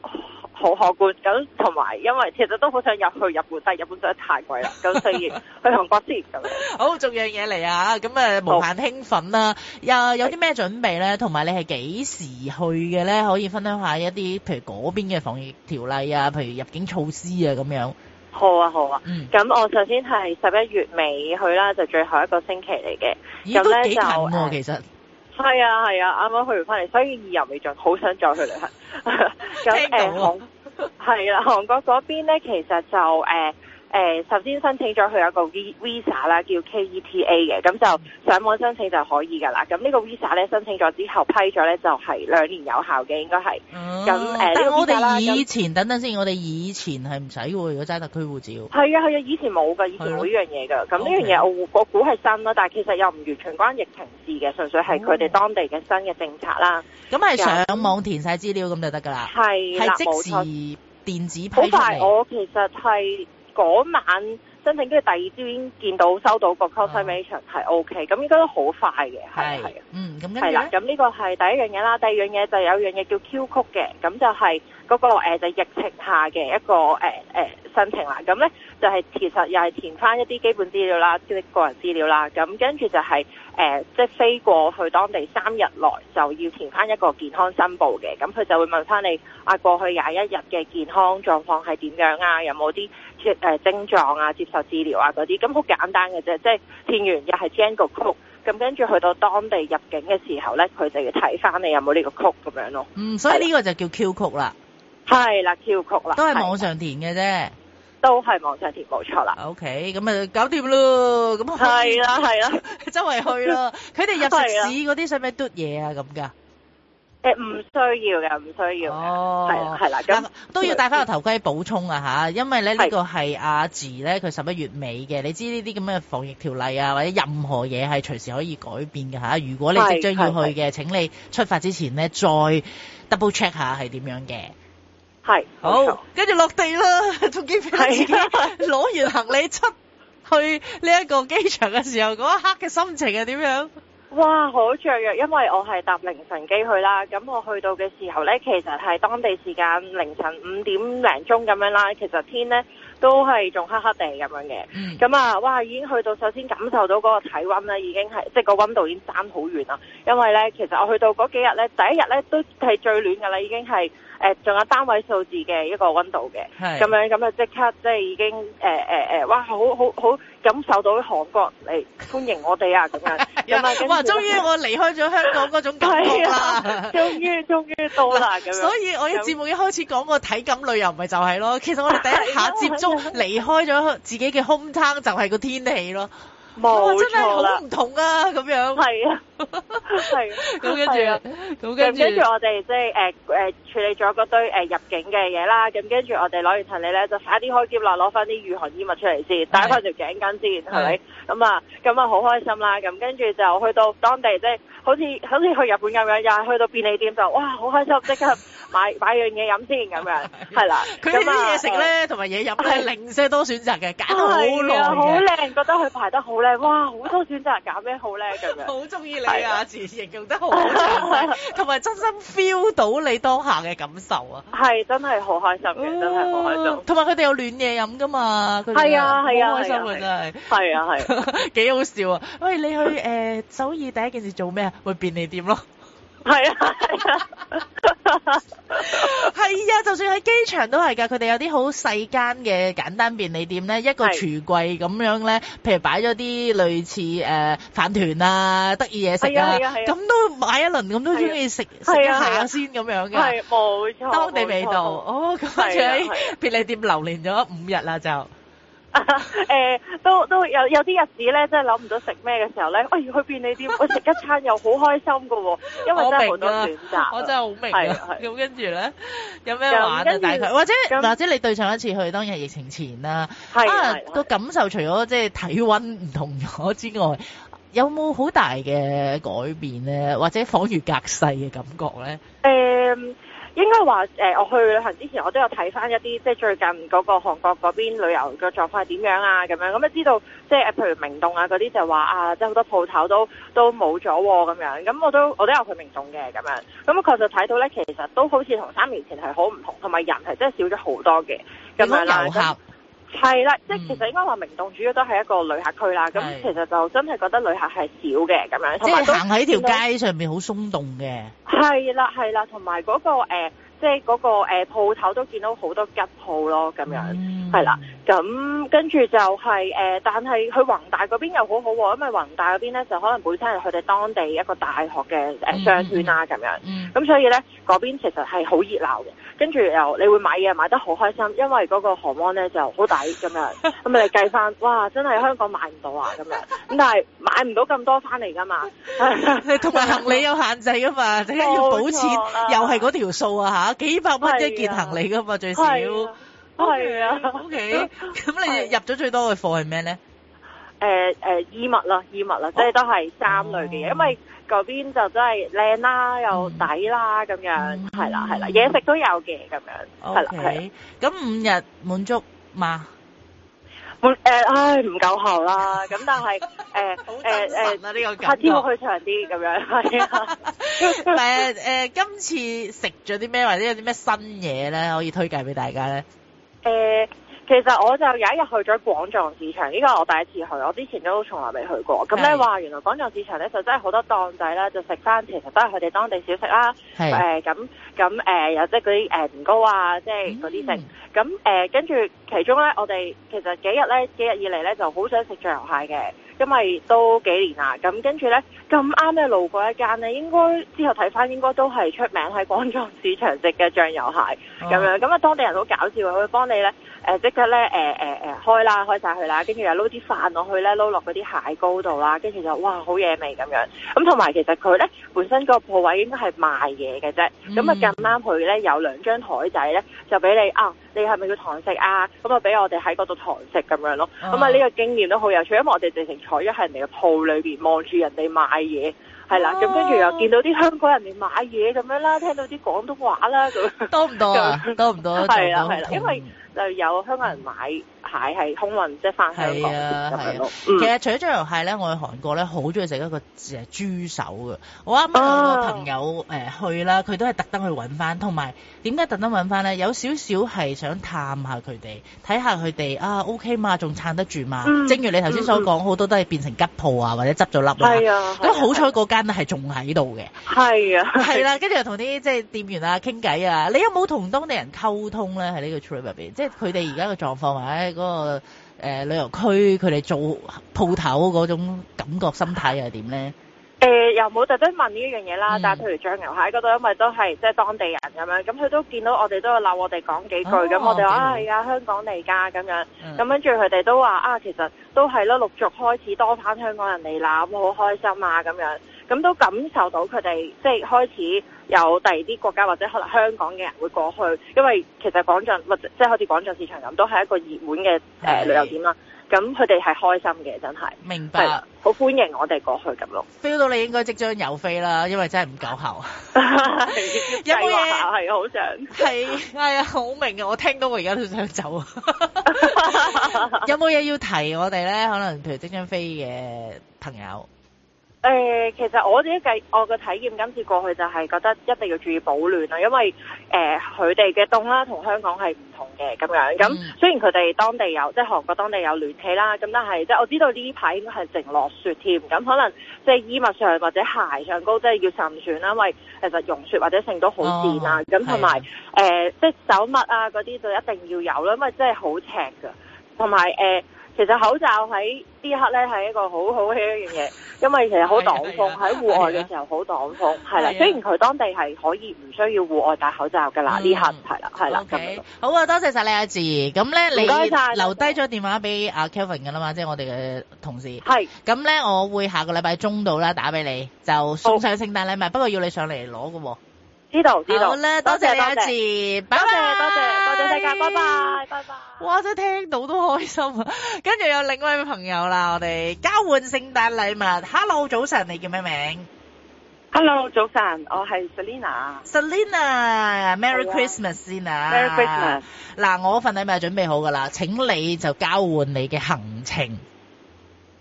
好可觀。咁同埋，因為其實都好想入去日本，但係日本真係太貴啦。咁 <laughs> 所以去韓國先咁。好，仲樣嘢嚟啊！咁啊，無限興奮啦。又好有啲咩準備咧？同埋是你係幾時去嘅咧？可以分享一下一啲，譬如嗰邊嘅防疫條例啊，譬如入境措施啊，咁樣。好啊，好啊。咁、嗯、我首先係十一月尾去啦，就最後一個星期嚟嘅。咦，都幾近喎、呃、其實。係啊係啊，啱啱、啊、去完翻嚟，所以意猶未盡，好想再去旅行。咁誒韓係啦，韓國嗰邊咧，其實就誒。嗯誒、呃，首先申請咗佢有個 visa 啦，叫 K E T A 嘅，咁就上網申請就可以噶啦。咁呢個 visa 咧，申請咗之後批咗咧，就係兩年有效嘅，應該係咁。誒、嗯，嗯、個 visa，我哋以前那等等先，我哋以前係唔使喎，如果齋特區護照係啊係啊，以前冇噶，以前冇呢樣嘢噶。咁呢樣嘢我 Okay. 我估係新囉，但其實又唔完全關疫情事嘅，純粹係佢哋當地嘅新嘅政策啦。咁係、哦嗯、上網填晒資料咁就得噶啦，係的即時電子批出嚟。好快，我其實係嗰晚申請，跟住第二朝已經見到收到個 cosignature 係 O K，咁應該都好快嘅，係啊，係啊是，的嗯，咁一樣啦，咁呢個係第一樣嘢啦，第二樣嘢就有樣嘢叫 Q 曲嘅，咁就係、是。嗰、那個、呃、就是、疫情下嘅一個誒、呃呃、申請啦，咁咧就係、是、其實又係填翻一啲基本資料啦，啲個人資料啦，咁跟住就係誒即係飛過去當地三日內就要填翻一個健康申報嘅，咁佢就會問翻你啊過去廿一日嘅健康狀況係點樣啊，有冇啲誒症狀啊、接受治療啊嗰啲，咁好簡單嘅啫，即、就、係、是、填完又係填個曲，咁跟住去到當地入境嘅時候咧，佢就要睇翻你有冇呢個曲咁樣咯。嗯，所以呢個就叫 Q 曲啦。係啦，跳曲啦，都係網上填嘅啫，都係網上填，冇錯、okay，啦。O K，咁啊，搞掂咯。咁係啦，係啦，周圍去咯。佢哋入食市嗰啲使咩嘟嘢啊？咁噶？誒、欸，唔需要嘅，唔需要嘅，係係啦。咁都要戴翻個頭盔補充啊，吓，因為咧呢的個係阿字咧，佢十一月尾嘅。你知呢啲咁嘅防疫條例啊，或者任何嘢係隨時可以改變嘅吓。如果你即將要去嘅，的請你出發之前咧再 double check 下係點樣嘅。係是好，跟住落地啦，同機票攞完行李出去呢一個機場嘅時候，嗰一刻嘅心情係點樣？哇，好雀躍，因為我係搭凌晨機去啦。咁我去到嘅時候呢，其實係當地時間凌晨五點零鐘咁樣啦。其實天呢。都係仲黑黑地咁樣嘅，咁啊，哇！已經去到首先感受到嗰個體溫咧，已經係即係個溫度已經爭好遠啦。因為咧，其實我去到嗰幾日咧，第一日咧都係最暖噶啦，已經係誒仲有單位數字嘅一個溫度嘅，係，咁樣咁就即刻即係已經誒誒誒，哇！好好好。好感受到韓國嚟歡迎我哋呀、啊。咁樣 <laughs> 后哇，終於我離開咗香港嗰種感覺啦，終於終於到啦！ <laughs> 所以我嘅節目一開始講個體感旅遊，咪就係囉。其實我哋第一下接觸離 <laughs> 開咗自己嘅空間，就係個天氣囉。冇錯、哦、真係好唔同啊。咁樣係啊，係啊，咁跟住，咁跟住我哋即係誒誒處理咗嗰堆誒入境嘅嘢啦，咁跟住我哋攞完行李咧，就快啲開喼啦，攞翻啲御寒衣物出嚟先，戴翻條頸巾先，係咪是？咁啊，咁啊好開心啦！咁跟住就去到當地，即係好似好似去日本咁樣，又係去到便利店就哇好開心，即刻買 <laughs> 買樣嘢飲先咁樣，係啦。佢呢啲嘢食咧，同埋嘢飲咧，零舍多選擇嘅，揀好耐嘅。係啊，好靚，覺得佢排得好靚。嗯係哇，好多選擇，揀咩好咧咁樣。好中意你啊，詞的形容得好，好，同埋真心 feel 到你當下嘅感受啊。係，真係好開心嘅，啊、真係好開心。同埋佢哋有暖嘢飲噶嘛，係啊的，係啊的，好開心啊，真係。係啊，係幾 <laughs> 好笑啊！喂，你去誒、呃、首爾第一件事做咩啊？去便利店咯。係啊係啊，係 <laughs> <laughs> 啊！就算喺機場都係㗎，佢哋有啲好細間嘅簡單便利店咧，是一個櫥櫃咁樣咧，譬如擺咗啲類似誒、呃、飯團啊、得意嘢食啊，咁、啊啊啊、都買一輪，咁都中意食食下先咁樣嘅。係冇錯，當地味道，錯哦咁住喺便利店流連咗五日啦就。 <laughs> 誒、 <laughs> 呃，都都有有啲日子咧，真係諗唔到食咩嘅時候咧，哎，去便利店，我、哎、食一餐又好開心噶因為真係好多選擇，我真係好明咁。跟住咧，有咩玩啊？大概后或者后或者你對上一次去，當然係疫情前啦。係是。個感受除咗即係體溫唔同咗之外，有冇好大嘅改變咧？或者仿如隔世嘅感覺咧？誒、嗯。應該話誒，我去旅行之前，我都有睇翻一啲即係最近嗰個韓國嗰邊旅遊嘅狀況係點樣啊咁樣，咁啊知道即係誒，譬如明洞啊嗰啲就話啊，即係好多鋪頭都都冇咗喎咁樣，咁我都我都有去明洞嘅咁樣，咁我確實睇到咧，其實都好似同三年前係好唔同，同埋人係真係少咗好多嘅咁樣啦。係啦，即係其實應該話明洞主要都係一個旅客區啦，咁其實就真係覺得旅客係少嘅咁樣，同埋行喺條街上面好鬆動嘅。係啦，係啦，同埋嗰個誒，即係嗰個誒鋪頭都見到好多吉鋪咯，咁樣係啦，咁跟住就係誒，但係去宏大嗰邊又好好，因為宏大嗰邊咧就可能本身係佢哋當地一個大學嘅誒商圈啦，咁樣，咁所以咧嗰邊其實係好熱鬧嘅。跟住又你會買嘢買得好開心，因為嗰個韓安咧就好抵咁樣，咁你計翻，哇！真係香港買唔到啊，咁樣，咁但係買唔到咁多翻嚟噶嘛，同埋行李有限制噶嘛，點解要補錢？又係嗰條數啊嚇，幾百蚊一件行李噶嘛最少。係啊，OK。咁你入咗最多嘅貨係咩咧？誒誒，衣物啦，衣物啦，即係都係三類嘅嘢，因為。嗰邊就真係靚啦，又抵啦，咁樣係啦，係啦，嘢食都有嘅，咁樣係啦。係，咁五日滿足嘛？滿誒，唉，唔夠喉啦。咁但係誒誒誒，下次會去長啲咁樣。係啊，唔係誒，今次食咗啲咩或者有啲咩新嘢咧，可以推介俾大家咧？誒。其實我就有一日去咗廣藏市場，呢、呢個我第一次去，我之前都從來未去過。咁呢話是原來廣藏市場呢，就真係好多檔仔啦，就食返其實都係佢哋當地小食啦。係是。咁咁誒有即係啲誒年糕啊，即係嗰啲食。咁誒、嗯呃、跟住其中呢，我哋其實幾日呢，幾日以嚟呢，就好想食醬油蟹嘅，因為都幾年啦。咁跟住呢。咁啱咧路過一間咧，應該之後睇翻應該都係出名喺廣場市場食嘅醬油蟹咁、啊、樣，咁啊當地人都搞笑，佢會幫你咧誒即刻咧誒誒誒開啦，開晒佢啦，跟住又撈啲飯落去咧，撈落嗰啲蟹膏度啦，跟住就哇好嘢味咁樣，咁同埋其實佢咧本身個鋪位應該係賣嘢嘅啫，咁啊咁啱佢咧有兩張台仔咧就俾你啊，你係咪要堂食啊？咁啊俾我哋喺嗰度堂食咁樣咯，咁啊呢個經驗都好有趣，因為我哋直情坐咗喺人哋嘅鋪裏邊望住人哋賣。嘢，係啦、啊，咁跟住又見到啲香港人哋買嘢咁樣啦，聽到啲廣東話啦，咁多唔多啊？多唔多？係啦，係啦，因為。就有香港人買蟹係空運即係翻香港是啊。咁樣是、啊嗯、其實除咗醬油蟹咧，我去韓國咧好中意食一個誒豬手嘅。我啱啱同個朋友誒、啊欸、去啦，佢都係特登去揾翻，同埋點解特登揾翻咧？有少少係想探一下佢哋，睇下佢哋啊 OK 嘛，仲撐得住嘛？嗯、正如你頭先所講，好、嗯嗯、多都係變成吉鋪啊，或者執咗笠啊。咁好彩嗰間係仲喺度嘅。係啊，係啦，跟住又同啲即係店員啊傾偈啊。你有冇同當地人溝通咧？喺呢個 trip 入邊？即係佢哋而家嘅狀況，或者嗰個、呃、旅遊區佢哋做鋪頭嗰種感覺心態又係點咧？誒、呃、又冇特登問呢一樣嘢啦，嗯、但係譬如醬牛蟹嗰度，因為都係即係當地人咁樣，咁佢都見到我哋都有鬧我哋講幾句，咁、啊、我哋話係啊、哎、香港嚟噶咁樣，咁跟住佢哋都話啊其實都係咯，陸續開始多返香港人嚟啦，咁好開心啊咁樣。咁都感受到佢哋即係開始有第二啲國家或者可能香港嘅人會過去，因為其實廣場或即係好似廣場市場咁都係一個熱門嘅旅遊點啦。咁佢哋係開心嘅，真係明白，好歡迎我哋過去咁咯。feel 到你應該即將有飛啦，因為真係唔夠喉。 <laughs> 有冇嘢係好想？係啊，好明啊！我聽到我而家都想走啊！ <laughs> 有冇嘢要提我哋咧？可能譬如即將飛嘅朋友。誒、呃，其實我自己計我嘅體驗，今次過去就係覺得一定要注意保暖啦，因為誒佢哋嘅凍啦同香港係唔同嘅，咁樣。咁雖然佢哋當地有即係韓國當地有暖氣啦，咁但係即係我知道呢排應該係淨落雪添。咁可能即係衣物上或者鞋上高，即係要慎選啦，因為其實融雪或者性都好跣啊。咁同埋誒，即係手襪啊嗰啲就一定要有啦，因為真係好赤㗎。同埋誒，其實口罩喺。呢刻咧係一個好好嘅一樣嘢，因為其實好擋風，喺戶外嘅時候好擋風，係啦。雖然佢當地係可以唔需要戶外戴口罩㗎啦，呢刻係啦，係啦。OK，好啊，多謝晒你阿志。咁咧，你留低咗電話俾阿 Kevin 㗎啦嘛，即係我哋嘅同事。係。咁咧，我會下個禮拜中度啦，打俾你，就送上聖誕禮物。不過要你上嚟攞㗎喎。知道知道咧，好吧多謝多謝，多謝多謝，多謝大家，拜拜拜拜，哇真聽到都開心啊！跟 <laughs> 住有另外一位朋友啦，我哋交換聖誕禮物。Hello 早晨，你叫咩名？Hello 早晨，我係 Selina。Selina，Merry、啊、Christmas 先啊！Merry Christmas。嗱，我份禮物係準備好噶啦，請你就交換你嘅行程。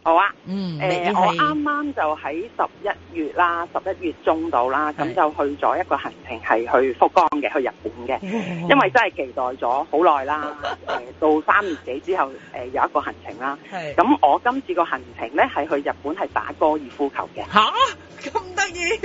好啊，嗯，呃、是我啱啱就喺十一月啦，十一月中到啦，咁是就去咗一個行程係去福岡嘅，去日本嘅，哦、因為真係期待咗好耐啦、 <laughs> 呃，到三月幾之後、呃、有一個行程啦，咁是、嗯、我今次個行程咧係去日本係打高爾夫球嘅，吓，咁得意，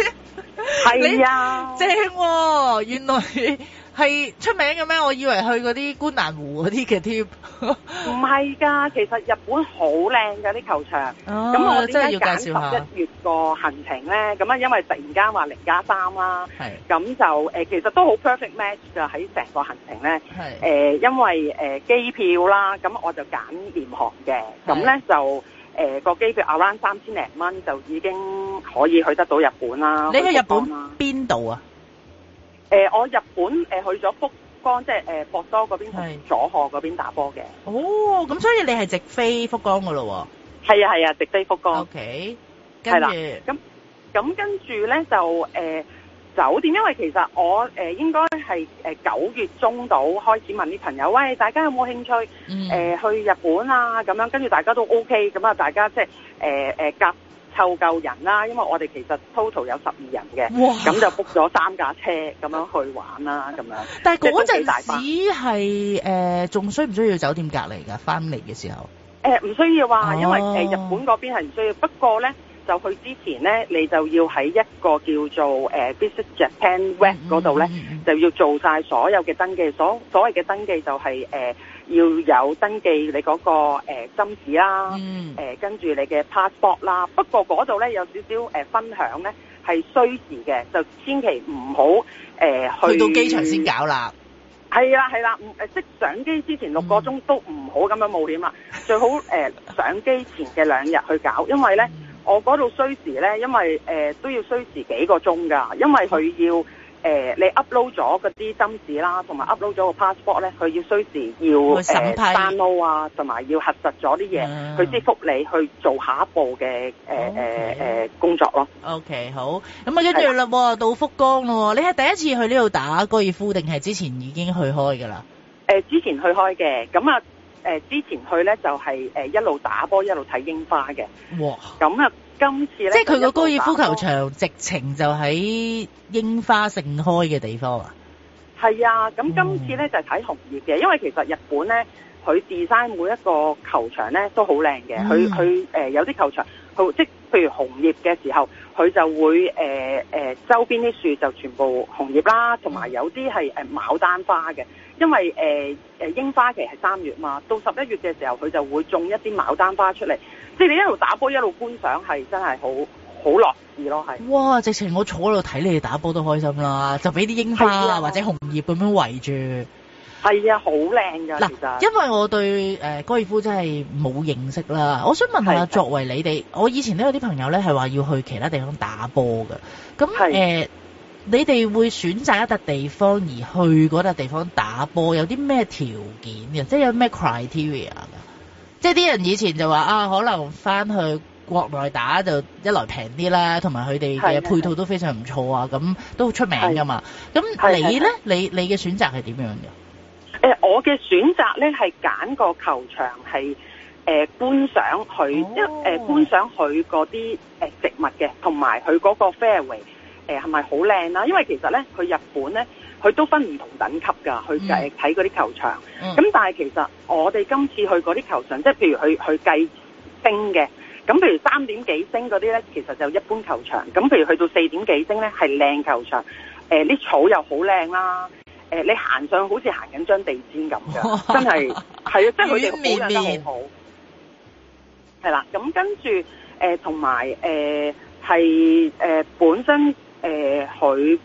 係啊， <laughs> 你呀正喎、啊，原來。係出名嘅咩？我以為去嗰啲觀瀾湖嗰啲嘅添，唔係㗎。其實日本好靚嘅啲球場。咁、哦、我點解要揀十一月個行程咧，咁啊，因為突然間話零加三啦，係咁的就誒，其實都好 perfect match 就喺成個行程咧。係誒的、呃，因為誒機票啦，咁我就揀廉航嘅，咁咧的就誒個、呃、機票 around 三千零蚊就已經可以去得到日本啦。你喺日本邊度啊？誒、呃，我日本誒、呃、去咗福岡，即係誒、呃、博多嗰邊，是佐賀嗰邊打波嘅。哦，咁所以你係直飛福岡噶咯？係啊係啊，直飛福岡。O K，係啦。咁咁跟住咧就誒、呃、酒店，因為其實我誒、呃、應該係誒九月中度開始問啲朋友，喂，大家有冇興趣誒、嗯呃、去日本啊？咁樣跟住大家都 O K，咁啊大家即係誒誒夾。呃呃湊夠人啦，因為我哋其實 total 有十二人嘅，咁哇就 book 咗三架車咁樣去玩啦，咁樣。但係嗰陣時只係仲需唔需要酒店隔離㗎？翻嚟嘅時候誒，唔、呃、需要話，哦、因為誒、呃、日本嗰邊係唔需要。不過咧，就去之前咧，你就要喺一個叫做誒 Visit、呃、Japan Web 嗰度咧，嗯、就要做晒所有嘅登記。所所謂嘅登記就係、是、誒。呃要有登記你嗰、那個誒、呃、針紙啦，誒、嗯呃、跟住你嘅 passport 啦。不過嗰度咧有少少誒分享咧係需時嘅，就千祈唔好誒去到機場先搞啦。係啦係啦，誒即係上機之前六個鐘都唔好咁樣冒險啦，嗯、最好誒、呃、上機前嘅兩日去搞，因為咧我嗰度需時咧，因為誒、呃、都要需時幾個鐘㗎，因為佢要。誒、呃，你 upload 咗嗰啲針紙啦，同埋 upload 咗個 passport 咧，佢要需時要誒審批 download、呃、啊，同埋要核實咗啲嘢，佢先復你去做下一步嘅誒、呃 Okay. 呃、工作咯。OK，好，咁啊，跟住啦，哇到福岡喎，你係第一次去呢度打高爾夫定係之前已經去開噶啦？誒、呃，之前去開嘅，咁啊、呃，之前去咧就係、是呃、一路打波一路睇櫻花嘅。哇！咁啊、嗯、～、呃今次咧，即係佢個高爾夫球場直情就喺櫻花盛開嘅地方啊！係啊，咁今次咧就睇紅葉嘅，因為其實日本咧，佢 design 每一個球場咧都好靚嘅，佢佢誒有啲球場，佢即係譬如紅葉嘅時候。佢就會誒誒、呃呃、周邊啲樹就全部紅葉啦，同埋有啲係誒牡丹花嘅，因為誒誒、呃、櫻花期係三月嘛，到十一月嘅時候佢就會種一啲牡丹花出嚟，即係你一路打波一路觀賞，係真係好好樂意咯，係。哇！直情我坐喺度睇你哋打波都開心啦，就俾啲櫻花或者紅葉咁樣圍住。係啊，好靚噶嗱，因為我對誒高爾夫真係冇認識啦。我想問下，的作為你哋，我以前都有啲朋友咧係話要去其他地方打波噶。咁誒的、呃，你哋會選擇一笪地方而去嗰笪地方打波，有啲咩條件啊？即係有咩 criteria？即係啲人以前就話啊，可能翻去國內打就一來平啲啦，同埋佢哋嘅配套都非常唔錯的啊，咁都好出名噶嘛。咁的你咧的，你你嘅選擇係點樣嘅？誒、呃，我嘅選擇咧係揀個球場係誒、呃、觀賞佢一誒觀賞佢嗰啲誒植物嘅，同埋佢嗰個 fairway 誒、呃、係咪好靚啦、啊？因為其實咧去日本咧，佢都分唔同等級㗎，去誒睇睇嗰啲球場。咁、mm. 但係其實我哋今次去嗰啲球場，即係譬如去去計星嘅，咁譬如三點幾星嗰啲咧，其實就一般球場。咁譬如去到四點幾星咧，係靚球場，誒、呃、啲草又好靚啦。你行上去好似行緊張地氈咁樣， <laughs> 真係係啊！即係佢哋保養得好好，係啦。咁跟住同埋係本身佢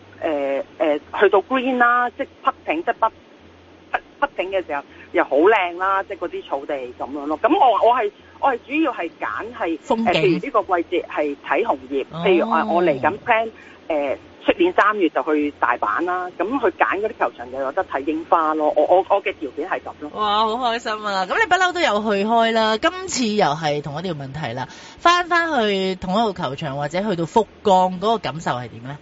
去到 green 啦，即係坡頂即不不坡頂嘅時候又好靚啦，即嗰啲草地咁樣咯。咁我我係我主要係揀係譬如呢個季節係睇紅葉。哦、譬如我嚟緊 plan、呃出年三月就去大阪啦，咁去揀嗰啲球場就有得睇櫻花咯。我我我嘅條件係咁咯。哇，好開心啊！咁你不嬲都有去開啦。今次又係同一條問題啦。翻翻去同一個球場或者去到福岡嗰，那個感受係點呢？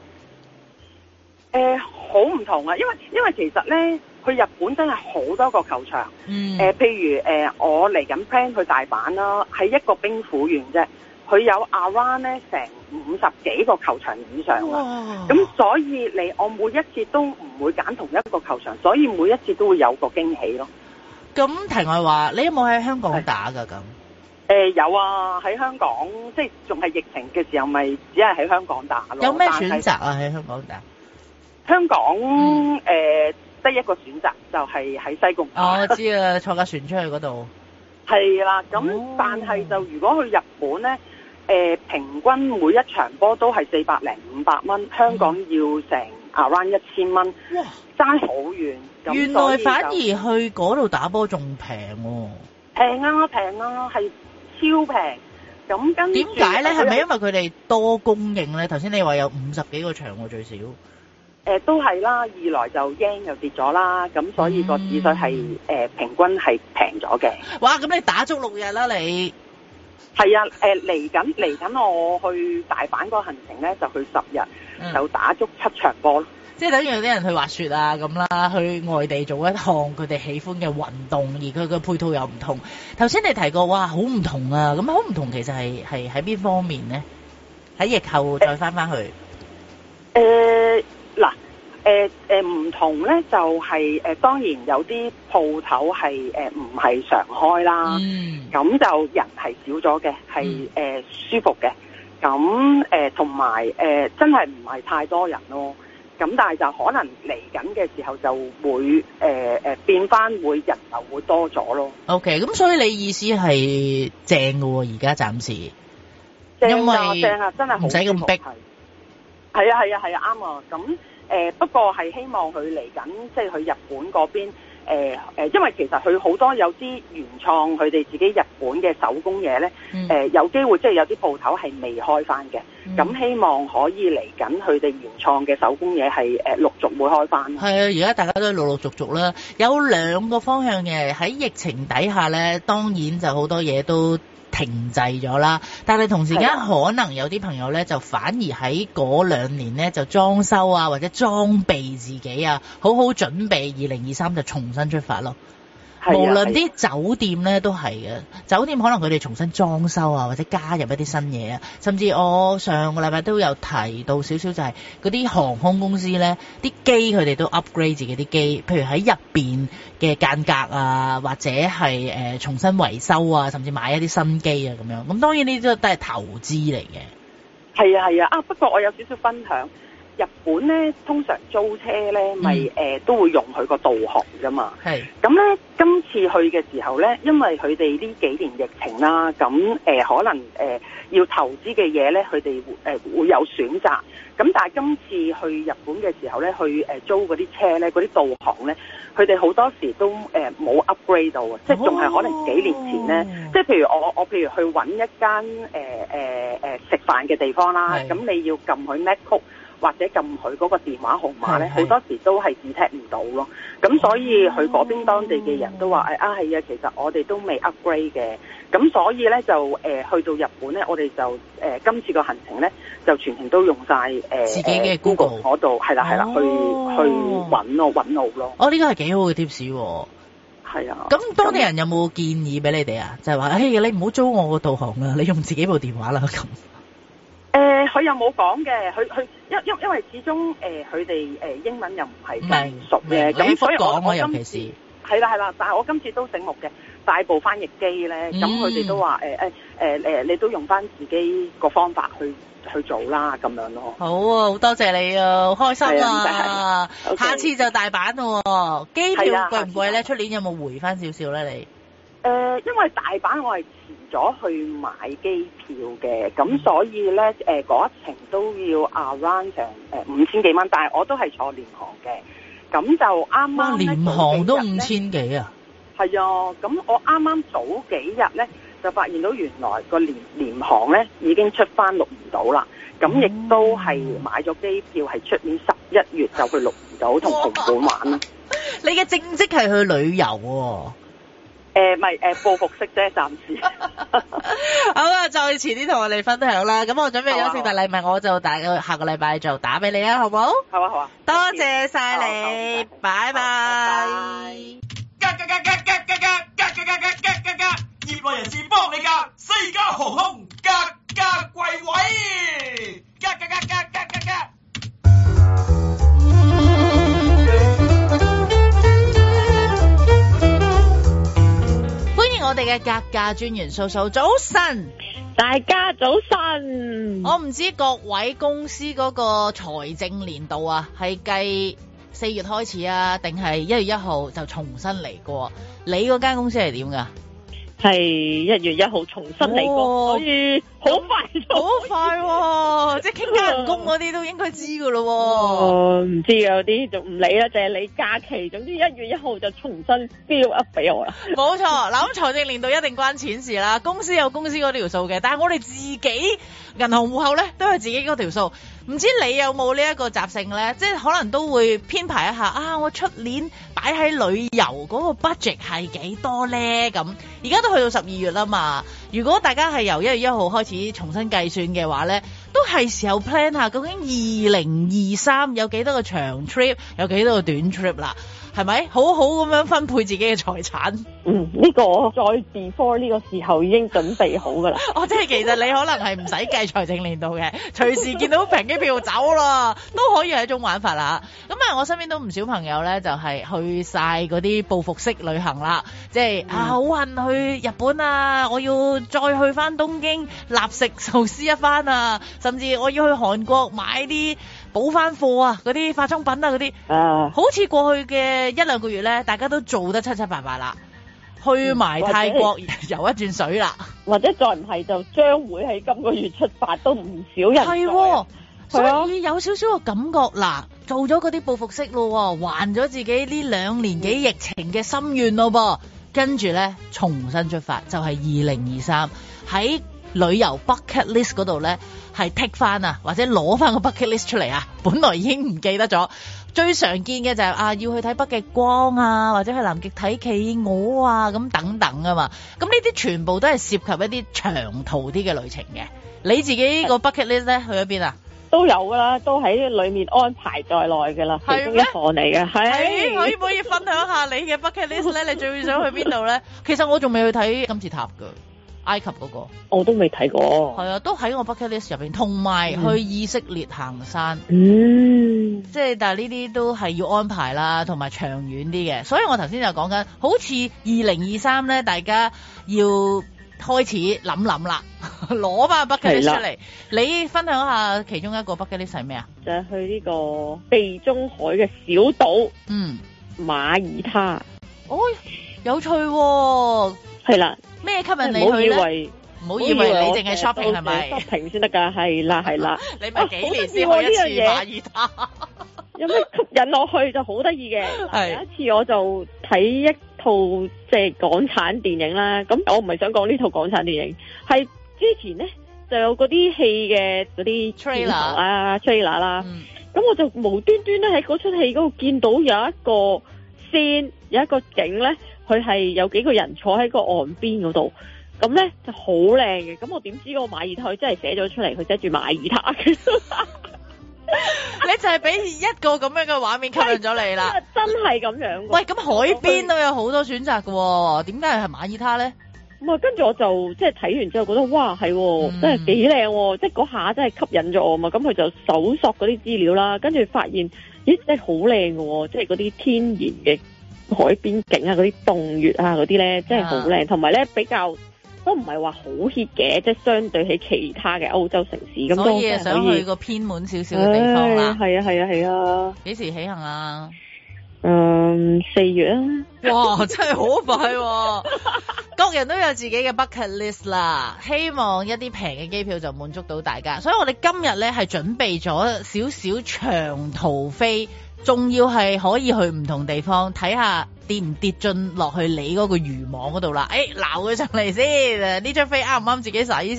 誒、呃，好唔同啊！因為因為其實呢，去日本真係好多個球場。嗯、呃。譬如誒、呃，我嚟緊 plan 去大阪啦，係一個兵庫縣啫。佢有阿灣咧，成五十幾個球場以上啦，咁、哦、所以你我每一次都唔會揀同一個球場，所以每一次都會有個驚喜咯。咁題外話，你有冇喺香港打噶？咁誒、呃、有啊，喺香港即係仲係疫情嘅時候，咪只係喺香港打咯。有咩選擇啊？喺是香港打？香港誒得、嗯呃、一個選擇，就係、是、喺西貢、哦。我知啊， <laughs> 坐架船出去嗰度。係啦、啊，咁、哦、但係就如果去日本咧？誒、呃，平均每一場波都係四百零五百蚊，香港要成啊 run 一千蚊，差好遠。原來反而去嗰度打波仲平，平啊平啊，係、啊啊、超平。咁跟點解咧？係咪有因為佢哋多供應咧？頭先你話有五十幾個場喎，最少。誒、呃，都係啦。二來就 y 又跌咗啦，咁所以個指數係誒平均係平咗嘅。哇！咁你打足六日啦、啊，你。係啊，誒嚟緊嚟緊，我去大阪嗰個行程咧，就去十日，就打足七場波，嗯、即係等於有啲人去滑雪啊咁啦，去外地做一趟佢哋喜歡嘅運動，而佢嘅配套又唔同。頭先你提過，哇，好唔同啊！咁好唔同，其實係係喺邊方面咧？喺疫後再翻翻去。誒、欸。欸誒誒唔同咧，就係、是、誒當然有啲鋪頭係誒唔係常開啦，咁、嗯、就人係少咗嘅，係誒、嗯呃、舒服嘅，咁誒同埋誒真係唔係太多人咯，咁但係就可能嚟緊嘅時候就會誒誒、呃、變翻會人流會多咗咯。OK，咁所以你意思係正嘅喎，而家暫時正啊呀正啊，真係好唔使咁逼，係啊係啊係啊啱啊咁。誒不過係希望佢嚟緊，即係去日本嗰邊誒因為其實佢好多有啲原創佢哋自己日本嘅手工嘢咧，誒、嗯、有機會即係有啲鋪頭係未開翻嘅，咁、嗯、希望可以嚟緊佢哋原創嘅手工嘢係誒陸續會開翻。係啊，而家大家都陸陸續續啦，有兩個方向嘅喺疫情底下咧，當然就好多嘢都。停滯咗啦，但係同時間的可能有啲朋友咧就反而喺嗰兩年咧就裝修啊或者裝備自己啊，好好準備二零二三就重新出發咯。無論啲酒店咧都係嘅，係啊係啊，酒店可能佢哋重新裝修啊，或者加入一啲新嘢啊，甚至我上個禮拜都有提到少少，就係嗰啲航空公司咧，啲機佢哋都 upgrade 自己啲機，譬如喺入面嘅間隔啊，或者係誒重新維修啊，甚至買一啲新機啊咁樣。咁當然呢啲都係投資嚟嘅。係啊係啊，啊不過我有少少分享。日本咧通常租車咧咪誒都會用佢個導航㗎嘛，咁咧是、嗯、今次去嘅時候咧，因為佢哋呢幾年疫情啦，咁、嗯、誒、呃、可能誒、呃、要投資嘅嘢咧，佢哋誒會有選擇。咁、嗯、但係今次去日本嘅時候咧，去誒、呃、租嗰啲車咧，嗰啲導航咧，佢哋好多時都誒冇、呃、upgrade 到啊，哦、即係仲係可能幾年前咧，哦、即係譬如我我譬如去揾一間誒誒誒食飯嘅地方啦，咁是、嗯、你要撳去 MAPCODE 或者撳佢嗰個電話號碼咧，好是是 多時都係字擷唔到咯。咁所以佢嗰邊當地嘅人都話，誒、哎、啊，係啊，其實我哋都未 upgrade 嘅。咁所以咧就、呃、去到日本咧，我哋就、呃、今次個行程咧就全程都用曬、呃、自己嘅 Google 嗰度，係啦係啦，去去揾咯揾路咯。哦，呢個係幾好嘅 tips 喎。係啊的。咁當地人有冇建議俾你哋啊？那就係話，誒，你唔好租我個導航啊，你用自己部電話啦咁。誒，佢、呃、又冇講嘅，佢佢因因因為始終，誒佢哋誒英文又唔係咁熟嘅，咁所以我，、呃、我尤其是係啦係啦，但係我今次都醒目嘅，帶部翻譯機咧，咁佢哋都話，誒誒誒誒，你都用翻自己個方法去去做啦，咁樣咯。好啊，好多謝你啊，好開心啊！Okay、下次就大阪咯，機票貴唔貴咧？出年有冇回翻少少咧？你？誒、呃，因為大阪我係。咗去買機票嘅，咁所以呢，誒、呃、嗰一程都要 around 成誒五、呃、千幾蚊，但係我都係坐廉航嘅，咁就啱啱廉航都五千幾啊，係啊，咁我啱啱早幾日呢，就發現到原來個廉廉航呢已經出翻鹿兒島啦，咁亦都係買咗機票係出年十一月就去鹿兒島同同伴玩， <laughs> 你嘅正職係去旅遊喎。誒，咪誒報復式啫，暫時。好啦，再遲啲同我哋分享啦。咁我準備咗聖誕禮物，我就大概下個禮拜就打俾你啦，好唔好？好啊，好啊。多謝晒你，拜拜。我哋嘅格價專員素素，早晨，大家早晨。我唔知各位公司嗰個財政年度啊，係計四月開始啊，定係一月一號就重新嚟過？你嗰間公司係點㗎？係一月一號重新嚟過，哦、所以。好快，好快喎、啊！即係傾加人工嗰啲都應該知噶咯喎。唔、嗯、知啊，有啲就唔理啦，就係你假期，總之一月一號就重新 fill up 俾我啦錯。冇錯， <laughs> 嗱咁財政年度一定關錢事啦。公司有公司嗰條數嘅，但係我哋自己銀行戶口咧，都係自己嗰條數。唔知你有冇呢一個習性咧？即係可能都會編排一下啊！我出年擺喺旅遊嗰個 budget 係幾多咧？咁而家都去到十二月啦嘛。如果大家係由一月一號開始重新計算嘅話咧，都係時候 plan 下究竟二零二三有幾多個長 trip，有幾多個短 trip 啦。係咪好好咁樣分配自己嘅財產？嗯，呢、這個在 before 呢個時候已經準備好噶啦。 <laughs> 哦，即係其實你可能係唔使計財政年度嘅，隨 <laughs> 時見到平機票走啦，都可以係一種玩法啦。咁啊，我身邊都唔少朋友咧，就係、是、去晒嗰啲報復式旅行啦，即係、嗯、啊好運去日本啊，我要再去翻東京，立食壽司一番啊，甚至我要去韓國買啲。補翻貨啊！嗰啲化妝品啊，嗰啲，uh, 好似過去嘅一兩個月咧，大家都做得七七八八啦，去埋泰國遊一轉水啦，或者再唔係就將會喺今個月出發，都唔少人係、啊哦，所以有少少嘅感覺啦，哦、做咗嗰啲報復式咯，還咗自己呢兩年幾疫情嘅心願咯噃，跟住咧重新出發就係二零二三喺。旅遊 bucket list 嗰度咧，係剔翻啊，或者攞翻個 bucket list 出嚟啊，本來已經唔記得咗。最常見嘅就係、是、啊，要去睇北極光啊，或者去南極睇企鵝啊，咁等等噶嘛。咁呢啲全部都係涉及一啲長途啲嘅旅程嘅。你自己個 bucket list 咧去咗邊啊？都有噶啦，都喺裡面安排在內嘅啦，嗎其中一項嚟嘅。係，可以唔可以分享下你嘅 bucket list 咧？ <laughs> 你最想去邊度咧？其實我仲未去睇金字塔㗎。埃及嗰，那個我都未睇過，係啊，都喺我北 i s t 入邊，同埋去以色列行山，嗯，即、嗯、係但係呢啲都係要安排啦，同埋長遠啲嘅，所以我頭先就講緊，好似二零二三咧，大家要開始諗諗啦，攞把北極呢出嚟，了你分享一下其中一個北 list 係咩啊？就去呢個地中海嘅小島，嗯，馬耳他，哦，有趣，啊，係啦。咩吸引你去咧？唔好以為你淨係 shopping 係咪？shopping 先得噶，係啦係啦，你咪幾年先開一次馬爾他？有咩吸引落去就好得意嘅？有一次我就睇一套即係港產電影啦，咁我唔係想講呢套港產電影，係之前咧就有嗰啲戲嘅嗰啲 trailer 啊 trailer 啦，咁我就無端端咧喺嗰出戲嗰度見到有一個 scene，有一個景咧。佢係有幾個人坐喺個岸邊嗰度，咁咧就好靚嘅。咁我點知個馬爾他，佢真係寫咗出嚟，佢寫住馬爾他嘅？你就係俾一個咁樣嘅畫面吸引咗你啦，真係咁樣。喂，咁海邊都有好多選擇噶，點解係馬爾他咧？咁我，跟住我就即係睇完之後覺得哇，係真係幾靚，嗯、即係嗰下真係吸引咗我嘛。咁佢就搜索嗰啲資料啦，跟住發現咦，真係好靚嘅，即係嗰啲天然嘅，海邊景啊，嗰啲洞穴啊，嗰啲咧，真係好靚。同埋咧，比較都唔係話好熱嘅，即係相對起其他嘅歐洲城市。咁所以，以想去個偏門少少嘅地方啦。係啊，係啊，係啊。幾時起行啊？嗯，四月啊。哇，真係好快喎！ <laughs> 各人都有自己嘅 bucket list 啦。希望一啲平嘅機票就滿足到大家。所以我哋今日咧係準備咗少少長途飛。仲要係可以去唔同地方睇下跌唔跌進落去你嗰個漁網嗰度啦，誒、哎，撈佢上嚟先，呢張飛啱唔啱自己使先？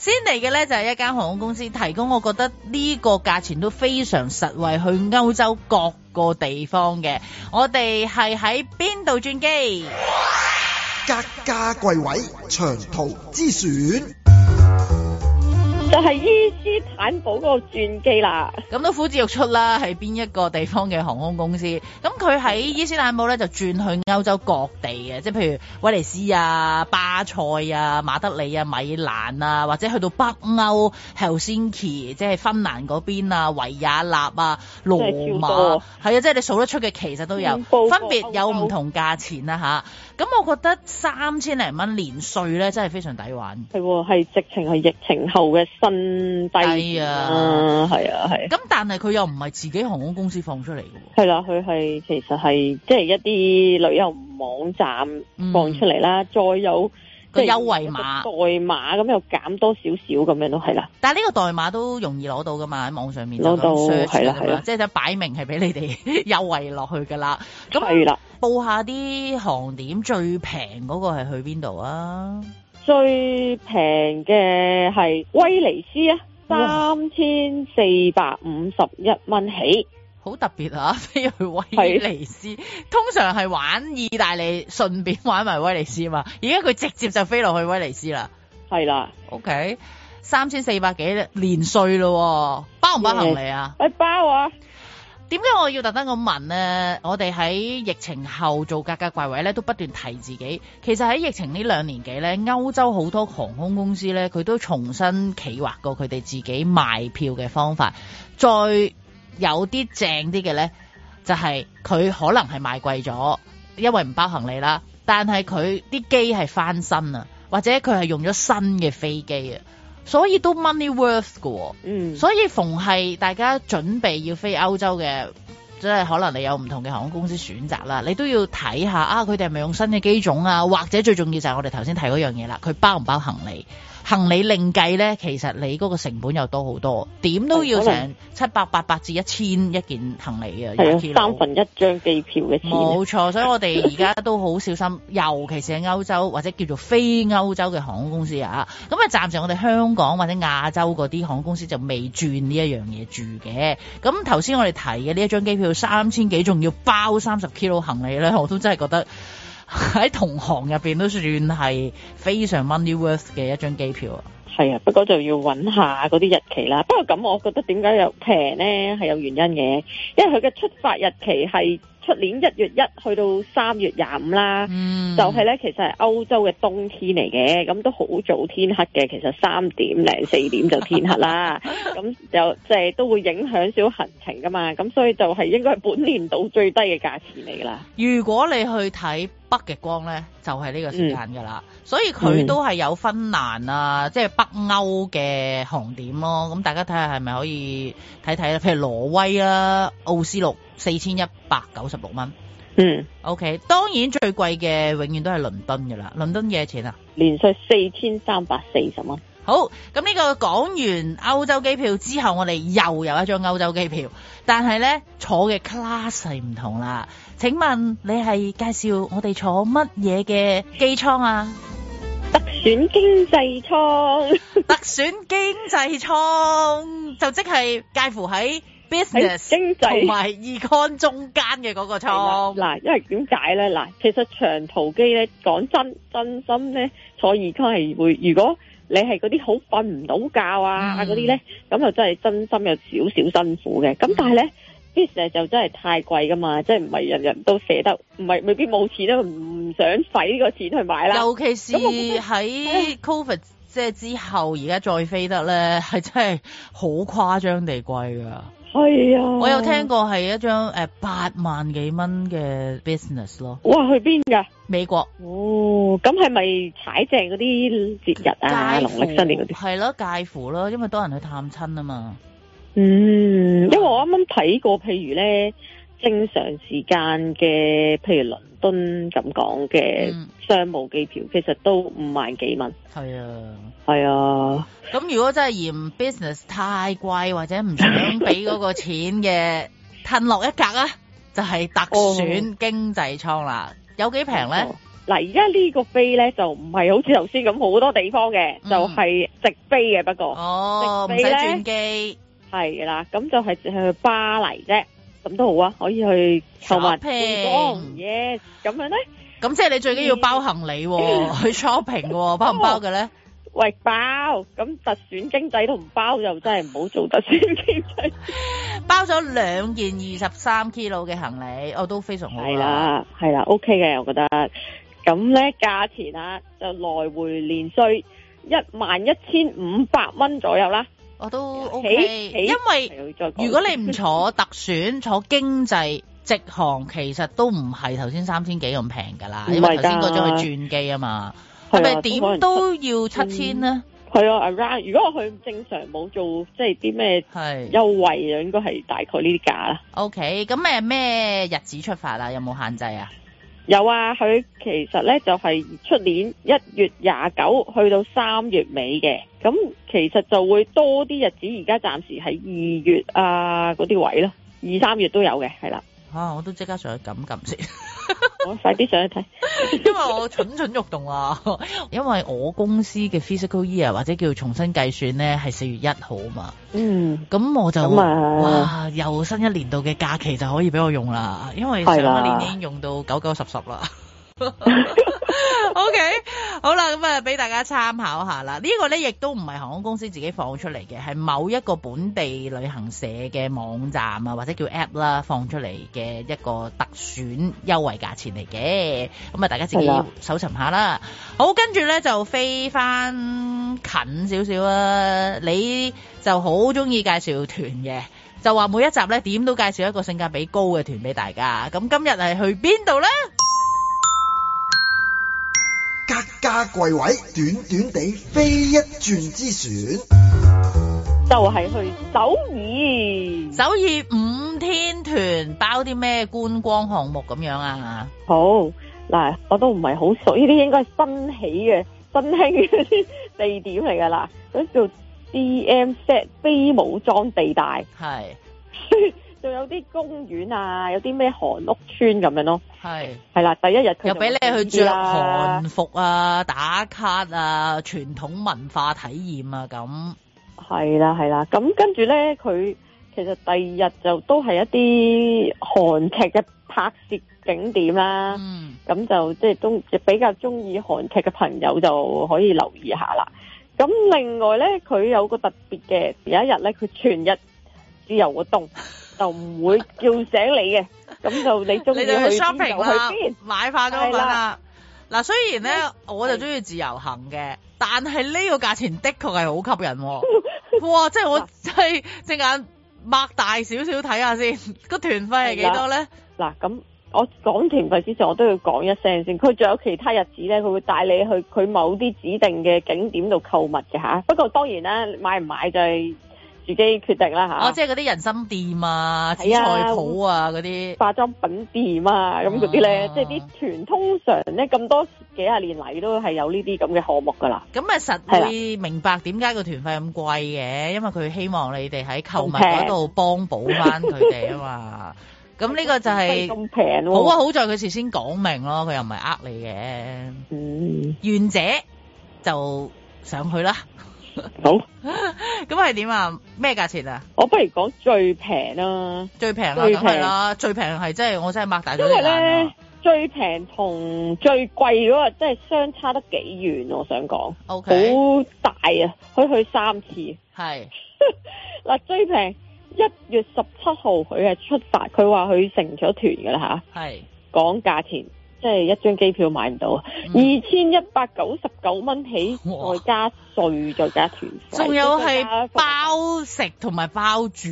先嚟嘅呢就係一間航空公司提供，我覺得呢個價錢都非常實惠，去歐洲各個地方嘅。我哋係喺邊度轉機？格價貴位，長途之選。就係伊斯坦堡嗰個轉機啦，咁都呼之欲出啦，係邊一個地方嘅航空公司？咁佢喺伊斯坦堡咧就轉去歐洲各地嘅，即係譬如威尼斯啊、巴塞啊、馬德里啊、米蘭啊，或者去到北歐 Helsinki，即係芬蘭嗰邊啊、維也納啊、羅馬，係啊，即係你數得出嘅其實都有，分別有唔同價錢啦嚇。咁我覺得三千零蚊年稅呢，真係非常抵玩。係喎，啊，係直情係疫情後嘅新低，哎，呀啊！係啊，咁但係佢又唔係自己航空公司放出嚟嘅。係啦，啊，佢係其實係即係一啲旅遊網站放出嚟啦，嗯，再有。個優惠碼代碼，咁又減多少少咁樣都係啦，但係呢個代碼都容易攞到噶嘛喺網上面攞到，係啦係啦，即係擺明係俾你哋優惠落去噶啦。咁係啦，報的下啲航點最平嗰個係去邊度啊？最平嘅係威尼斯啊，三千四百五十一蚊起。好特別啊！飛去威尼斯，是的，通常係玩意大利，順便玩埋威尼斯嘛。而家佢直接就飛落去威尼斯啦，係啦的。OK，三千四百幾年連稅咯，包唔包行李啊？誒，包啊。點解我要特登咁問呢？我哋喺疫情後做價格格怪位咧，都不斷提自己。其實喺疫情呢兩年幾呢，歐洲好多航空公司呢，佢都重新企劃過佢哋自己賣票嘅方法，再。有啲正啲嘅咧，就係、是、佢可能係賣貴咗，因為唔包行李啦。但係佢啲機係翻新啊，或者佢係用咗新嘅飛機啊，所以都 money worth 噶、哦、嗯，所以逢係大家準備要飛歐洲嘅，即、就、係、是、可能你有唔同嘅航空公司選擇啦，你都要睇下啊，佢哋係咪用新嘅機種啊，或者最重要就係我哋頭先提嗰樣嘢啦，佢包唔包行李？行李另計呢，其實你嗰個成本又多好多，點都要成七百八百至一千一件行李啊！係啊，kg 三分一張機票嘅錢。冇錯，所以我哋而家都好小心， <laughs> 尤其是喺歐洲或者叫做非歐洲嘅航空公司啊。咁啊，暫時我哋香港或者亞洲嗰啲航空公司就未轉呢一樣嘢住嘅。咁頭先我哋提嘅呢一張機票三千幾，仲要包三十 kilo 行李呢？我都真係覺得。喺 <laughs> 同行入邊都算係非常 money worth 嘅一張機票啊，係啊，不過就要揾下嗰啲日期啦。不過咁，我覺得點解又平咧？係有原因嘅，因為佢嘅出發日期係。出年一月一去到三月廿五啦，嗯、就係咧，其實係歐洲嘅冬天嚟嘅，咁都好早天黑嘅，其實三點零四點就天黑啦，咁 <laughs> 就即係都會影響少少行程噶嘛，咁所以就係應該係本年度最低嘅價錢嚟噶啦。如果你去睇北極光咧，就係、是、呢個時間噶啦，嗯、所以佢都係有芬蘭啊，即、就、係、是、北歐嘅航點咯、啊。咁大家睇下係咪可以睇睇啦，譬如挪威啊、奧斯陸。四千一百九十六蚊，4, 嗯，OK，當然最貴嘅永遠都係倫敦噶啦，倫敦幾多錢啊？連稅四千三百四十蚊。好，咁呢個講完歐洲機票之後，我哋又有一張歐洲機票，但係呢，坐嘅 class 唔同啦。請問你係介紹我哋坐乜嘢嘅機艙啊？特選經濟艙，特 <laughs> 選經濟艙，就即係介乎喺。business 經濟同埋二 con 中間嘅嗰個倉，嗱，因為點解咧？嗱，其實長途機咧講真真心咧坐二 con 係會，如果你係嗰啲好瞓唔到覺啊嗰啲咧，咁就真係真心有少少辛苦嘅。咁但係咧 business 就真係太貴噶嘛，即係唔係人人都捨得，唔係未必冇錢都唔唔想使呢個錢去買啦。尤其是喺 COVID 即係之後，而家再飛得咧，係真係好誇張地貴㗎。係啊，我有聽過係一張誒八萬幾蚊嘅 business 咯。哇，去邊噶？美國。哦，咁係咪踩正嗰啲節日啊？農曆新年嗰啲。係咯、啊，介乎咯，因為多人去探親啊嘛。嗯，因為我啱啱睇過，譬如咧。正常時間嘅，譬如倫敦咁講嘅商務機票，嗯、其實都五萬幾蚊。係啊，係啊。咁如果真係嫌 business 太貴或者唔想俾嗰個錢嘅，褪落 <laughs> 一格啊，就係、是、特選經濟艙啦。哦、有幾平咧？嗱、哦，而家呢個飛咧就唔係好似頭先咁好多地方嘅，嗯、就係直飛嘅。不過哦，直飛，唔使轉機係啦，咁就係去巴黎啫。咁都好啊，可以去 shopping。Yes，咁樣咧？咁即係你最緊要包行李去 shopping，包唔包嘅咧？喂，包。咁特選經濟都唔包，就真係唔好做特選經濟。包咗兩件二十三 kilo 嘅行李，我都非常好啊。係啦，係啦，OK 嘅，我覺得。咁咧，價錢啊，就來回連稅一萬一千五百蚊左右啦。我都 OK，因為如果你唔坐特選， <laughs> 坐經濟直航，其實都唔係頭先三千幾咁平噶啦，因為頭先嗰張係轉機啊嘛，係咪點都要七千咧？係啊 around 如果佢正常冇做即係啲咩優惠啊，是應該係大概呢啲價啦。OK，咁咩咩日子出發啊？有冇限制啊？有啊，佢其實呢就係出年一月廿九去到三月尾嘅，咁其實就會多啲日子。而家暫時係二月啊嗰啲位囉，二三月都有嘅，係喇。啊！我都即刻上去撳撳好先，我快啲上去睇， <laughs> 因為我蠢蠢欲動啊！因為我公司嘅 Physical Year 或者叫重新計算咧，係四月一號啊嘛。嗯，咁我就、嗯、哇，又新一年度嘅假期就可以俾我用啦，因為上一年已經用到九九十十啦。的 <laughs> <laughs> o、okay, K，好啦，咁啊，俾大家參考下啦。呢、呢個呢，亦都唔係航空公司自己放出嚟嘅，係某一個本地旅行社嘅網站啊，或者叫 App 啦，放出嚟嘅一個特選優惠價錢嚟嘅。咁啊，大家自己搜尋下啦。的好，跟住呢就飛翻近少少啦。你就好中意介紹團嘅，就話每一集呢點都介紹一個性價比高嘅團俾大家。咁今日係去邊度呢？各家貴位，短短地飛一轉之選就係去首爾。首爾五天團包啲咩觀光項目咁樣啊？好嗱，我都唔係好熟，呢啲應該係新起嘅新興嘅啲地點嚟噶啦，嗰叫 DMZ 非武裝地帶，係是。 <laughs> 就有啲公園啊，有啲咩韓屋村咁樣咯，係是，係啦，第一日佢又俾你去著韓服啊、啊打卡啊、傳統文化體驗啊咁，係啦係啦，咁跟住咧，佢其實第二日就都係一啲韓劇嘅拍攝景點啦，咁、嗯、就即係中，就是、比較鍾意韓劇嘅朋友就可以留意下啦。咁另外咧，佢有個特別嘅，有一日咧，佢全日自由活動。 <laughs> 就唔會叫醒你嘅，咁 <laughs> 就你中意就去 shopping 先，買化妝品啦。嗱的，雖然咧的我就中意自由行嘅，但係呢個價錢的確係好吸引。 <laughs> 哇，即係我真係隻眼擘大看看 <laughs> 少少睇下先，個團費係幾多咧？嗱，咁我講團費之前，我都要講一聲先。佢仲有其他日子咧，佢會帶你去佢某啲指定嘅景點度購物嘅吓。不過當然啦，買唔買就係。自己決定啦嚇！哦，即係嗰啲人參店啊、啊紫菜鋪啊嗰啲，很那些化妝品店啊咁嗰啲咧，即係啲團通常咧咁多幾廿年嚟都係有呢啲咁嘅項目㗎啦。咁啊實會明白點解個團費咁貴嘅，因為佢希望你哋喺購物嗰度幫補翻佢哋啊嘛。咁呢 <laughs> 個就係咁平好啊，好在佢事先講明咯，佢又唔係呃你嘅。嗯，願者就上去啦。好，咁係點啊？咩價錢啊？我不如講最平啦，最平啦，咁係啦，最平係真係我真係擘大咗個眼啊！最平同最貴嗰個真係相差得幾遠，我想講，OK，好大啊！去去三次，係嗱是 <laughs> 最平，一月十七號佢係出發，佢話佢成咗團噶啦吓，係講價錢。即係一張機票買唔到，二千一百九十九蚊起，外加稅，再加團，仲有係包食同埋包住，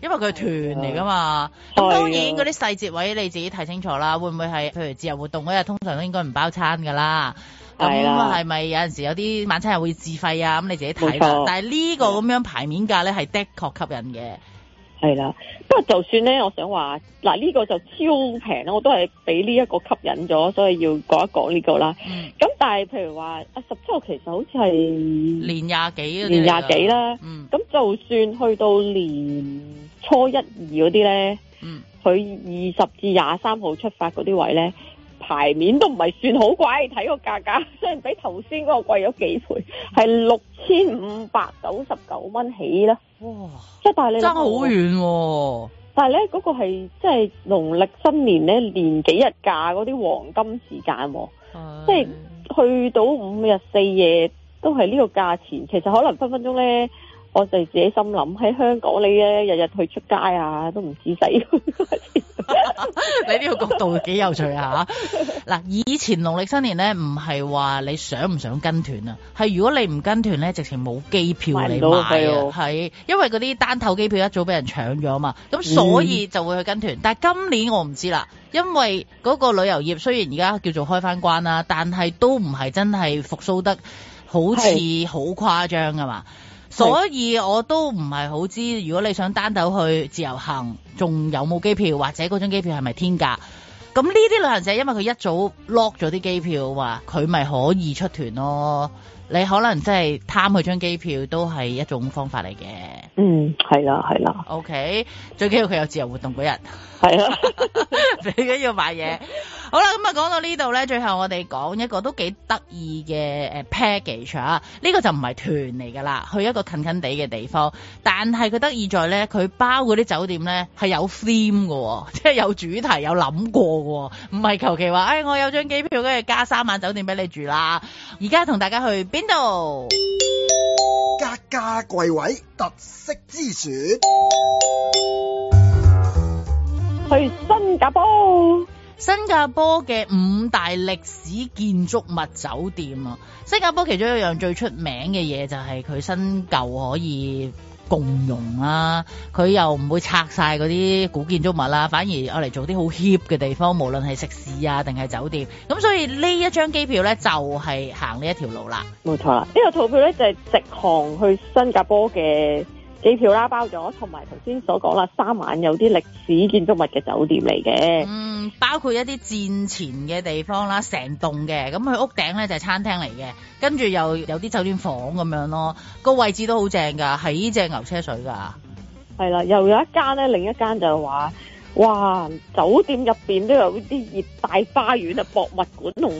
因為佢係團嚟噶嘛。咁當然嗰啲細節位你自己睇清楚啦。會唔會係譬如自由活動嗰日通常都應該唔包餐㗎啦？咁係咪有陣時有啲晚餐又會自費啊？咁你自己睇啦。是的但係呢個咁樣牌面價咧係的確吸引嘅。係啦，不過就算呢，我想話嗱呢個就超平啦，我都係俾呢一個吸引咗，所以要講一講呢個啦。咁但係譬如話啊十七號其實好似係年廿幾，年廿幾啦。咁、嗯、就算去到年初一二嗰啲呢，佢二十至廿三號出發嗰啲位呢。牌面都唔係算好貴，睇個價格雖然比頭先嗰個貴咗幾倍，係六千五百九十九蚊起啦。哇！即係但係你爭好遠，喎、哦。但係咧嗰個係即係農曆新年呢年幾日假嗰啲黃金時間，喎是。即係去到五日四夜都係呢個價錢，其實可能分分鐘呢。我哋自己心諗喺香港，你咧日日去出街啊，都唔止使你呢個角度幾有趣下？嗱，以前農曆新年咧，唔係話你想唔想跟團啊？係如果你唔跟團咧，直情冇機票嚟買啊！係因為嗰啲單頭機票一早俾人搶咗啊嘛，咁所以就會去跟團。嗯、但係今年我唔知啦，因為嗰個旅遊業雖然而家叫做開翻關啦，但係都唔係真係復甦得好似好誇張噶嘛。所以我都唔係好知，如果你想單獨去自由行，仲有冇機票，或者嗰張機票係咪天價？咁呢啲旅行社因為佢一早 lock 咗啲機票，話佢咪可以出團咯。你可能真係貪佢張機票，都係一種方法嚟嘅。嗯，係啦，係啦。OK，最緊要佢有自由活動嗰日。係啊，你梗 <laughs> 要買嘢。 <laughs> 好啦，咁啊講到這裡呢度咧，最後我哋講一個都幾得意嘅誒 package 啊。呢、這個就唔係團嚟噶啦,去一個近近地嘅地方。但係佢得意在咧,佢包嗰啲酒店咧係有 theme 嘅，哦,即係有主題，有諗過嘅，哦,唔係求其話誒我有張機票跟住加三晚酒店俾你住啦。而家同大家去邊度？家家櫃位特色之選。去新加坡，新加坡嘅五大歷史建築物酒店啊！新加坡其中一樣最出名嘅嘢就係佢新舊可以共融啦，佢又唔會拆晒嗰啲古建築物啦，反而我嚟做啲好 hip 嘅地方，無論係食肆啊定係酒店。咁所以呢一張機票呢，就係行呢一條路啦，冇錯啦，呢個套票呢，就係直航去新加坡嘅。機票啦包咗，同埋頭先所講啦，三晚有啲歷史建築物嘅酒店嚟嘅。嗯，包括一啲戰前嘅地方啦，成棟嘅，咁佢屋頂咧就係餐廳嚟嘅，跟住又有啲酒店房咁樣咯。個位置都好正㗎，係呢只牛車水㗎。係啦，又有一間咧，另一間就係話，哇！酒店入面都有啲熱帶花園啊，博 <laughs> 物館同。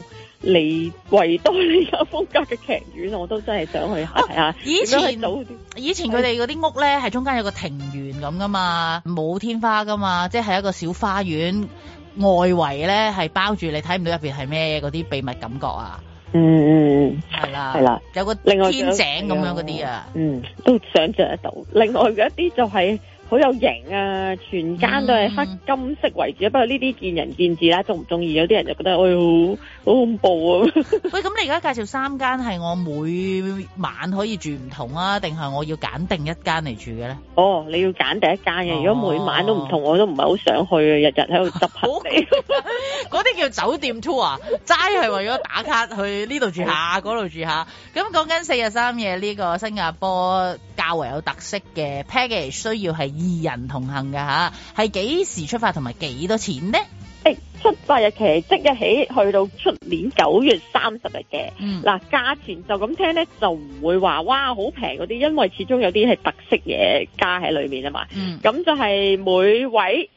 嚟維多利亞風格嘅劇院，我都真係想去睇下。以前以前佢哋嗰啲屋咧，係中間有個庭園咁噶嘛，冇天花噶嘛，即係一個小花園，外圍咧係包住你看不，你睇唔到入邊係咩嗰啲秘密感覺啊？嗯嗯嗯，係啦係啦，的有個另外天井咁樣嗰啲啊，嗯，都想象得到。另外嘅啲就係、是。好有型啊！全間都係黑金色為主，不過呢啲見仁見智啦，中唔中意？有啲人就覺得，哎，好，好恐怖啊！喂，咁你而家介紹三間係我每晚可以住唔同啊？定係我要揀定一間嚟住嘅咧？哦，你要揀第一間嘅，如果每晚都唔同，我都唔係好想去啊！日日喺度執黑你，嗰啲叫酒店 tour，齋係為咗打卡去呢度住下，嗰度住下。咁講緊四日三夜呢個新加坡較為有特色嘅 package，需要係。二人同行嘅吓，係幾時出發同埋幾多錢呢？誒、哎，出發日期即日起去到出年九月三十日嘅。嗱、嗯，價錢就咁聽呢，就唔會話哇好平嗰啲，因為始終有啲係特色嘢加喺裏面啊嘛。咁、嗯、就係每位。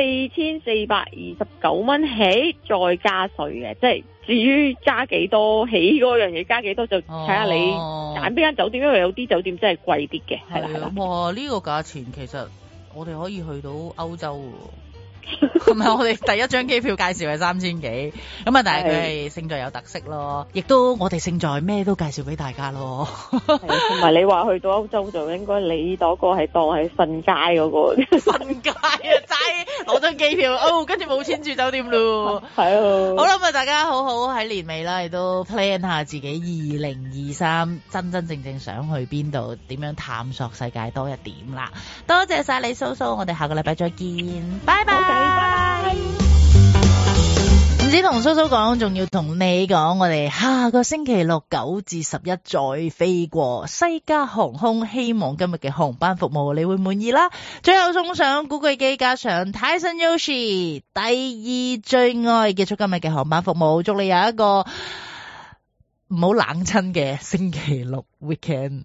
四千四百二十九蚊起，再加稅嘅，即係至於加幾多，起嗰樣嘢加幾多，就睇下你揀邊間酒店，因為有啲酒店真係貴啲嘅，係啦、係啦、啊。咁呢個價錢其實我哋可以去到歐洲嘅。唔係 <laughs> <laughs> 我哋第一張機票介紹係三千幾，咁啊但係佢係勝在有特色咯，亦都我哋勝在咩都介紹俾大家咯。同埋 <laughs> 你話去到歐洲就應該你嗰個係當係瞓街嗰、那個瞓街啊，齋攞張機票， <laughs> 哦跟住冇錢住酒店咯。係啊， <laughs> 好啦，咁啊大家好好喺年尾啦，亦都 plan 下自己二零二三真真正正想去邊度，點樣探索世界多一點啦。多謝晒你 <laughs> 蘇蘇，我哋下個禮拜再見，拜拜 <laughs> bye。Okay. 拜拜，唔止同叔叔講，仲要同你講，我哋下個星期六九至十一再飛過西加航空，希望今日嘅航班服務你會滿意啦。最後送上古巨基加上泰森 Yoshi 第二最愛，結束今日嘅航班服務。祝你有一個唔好冷親嘅星期六 weekend。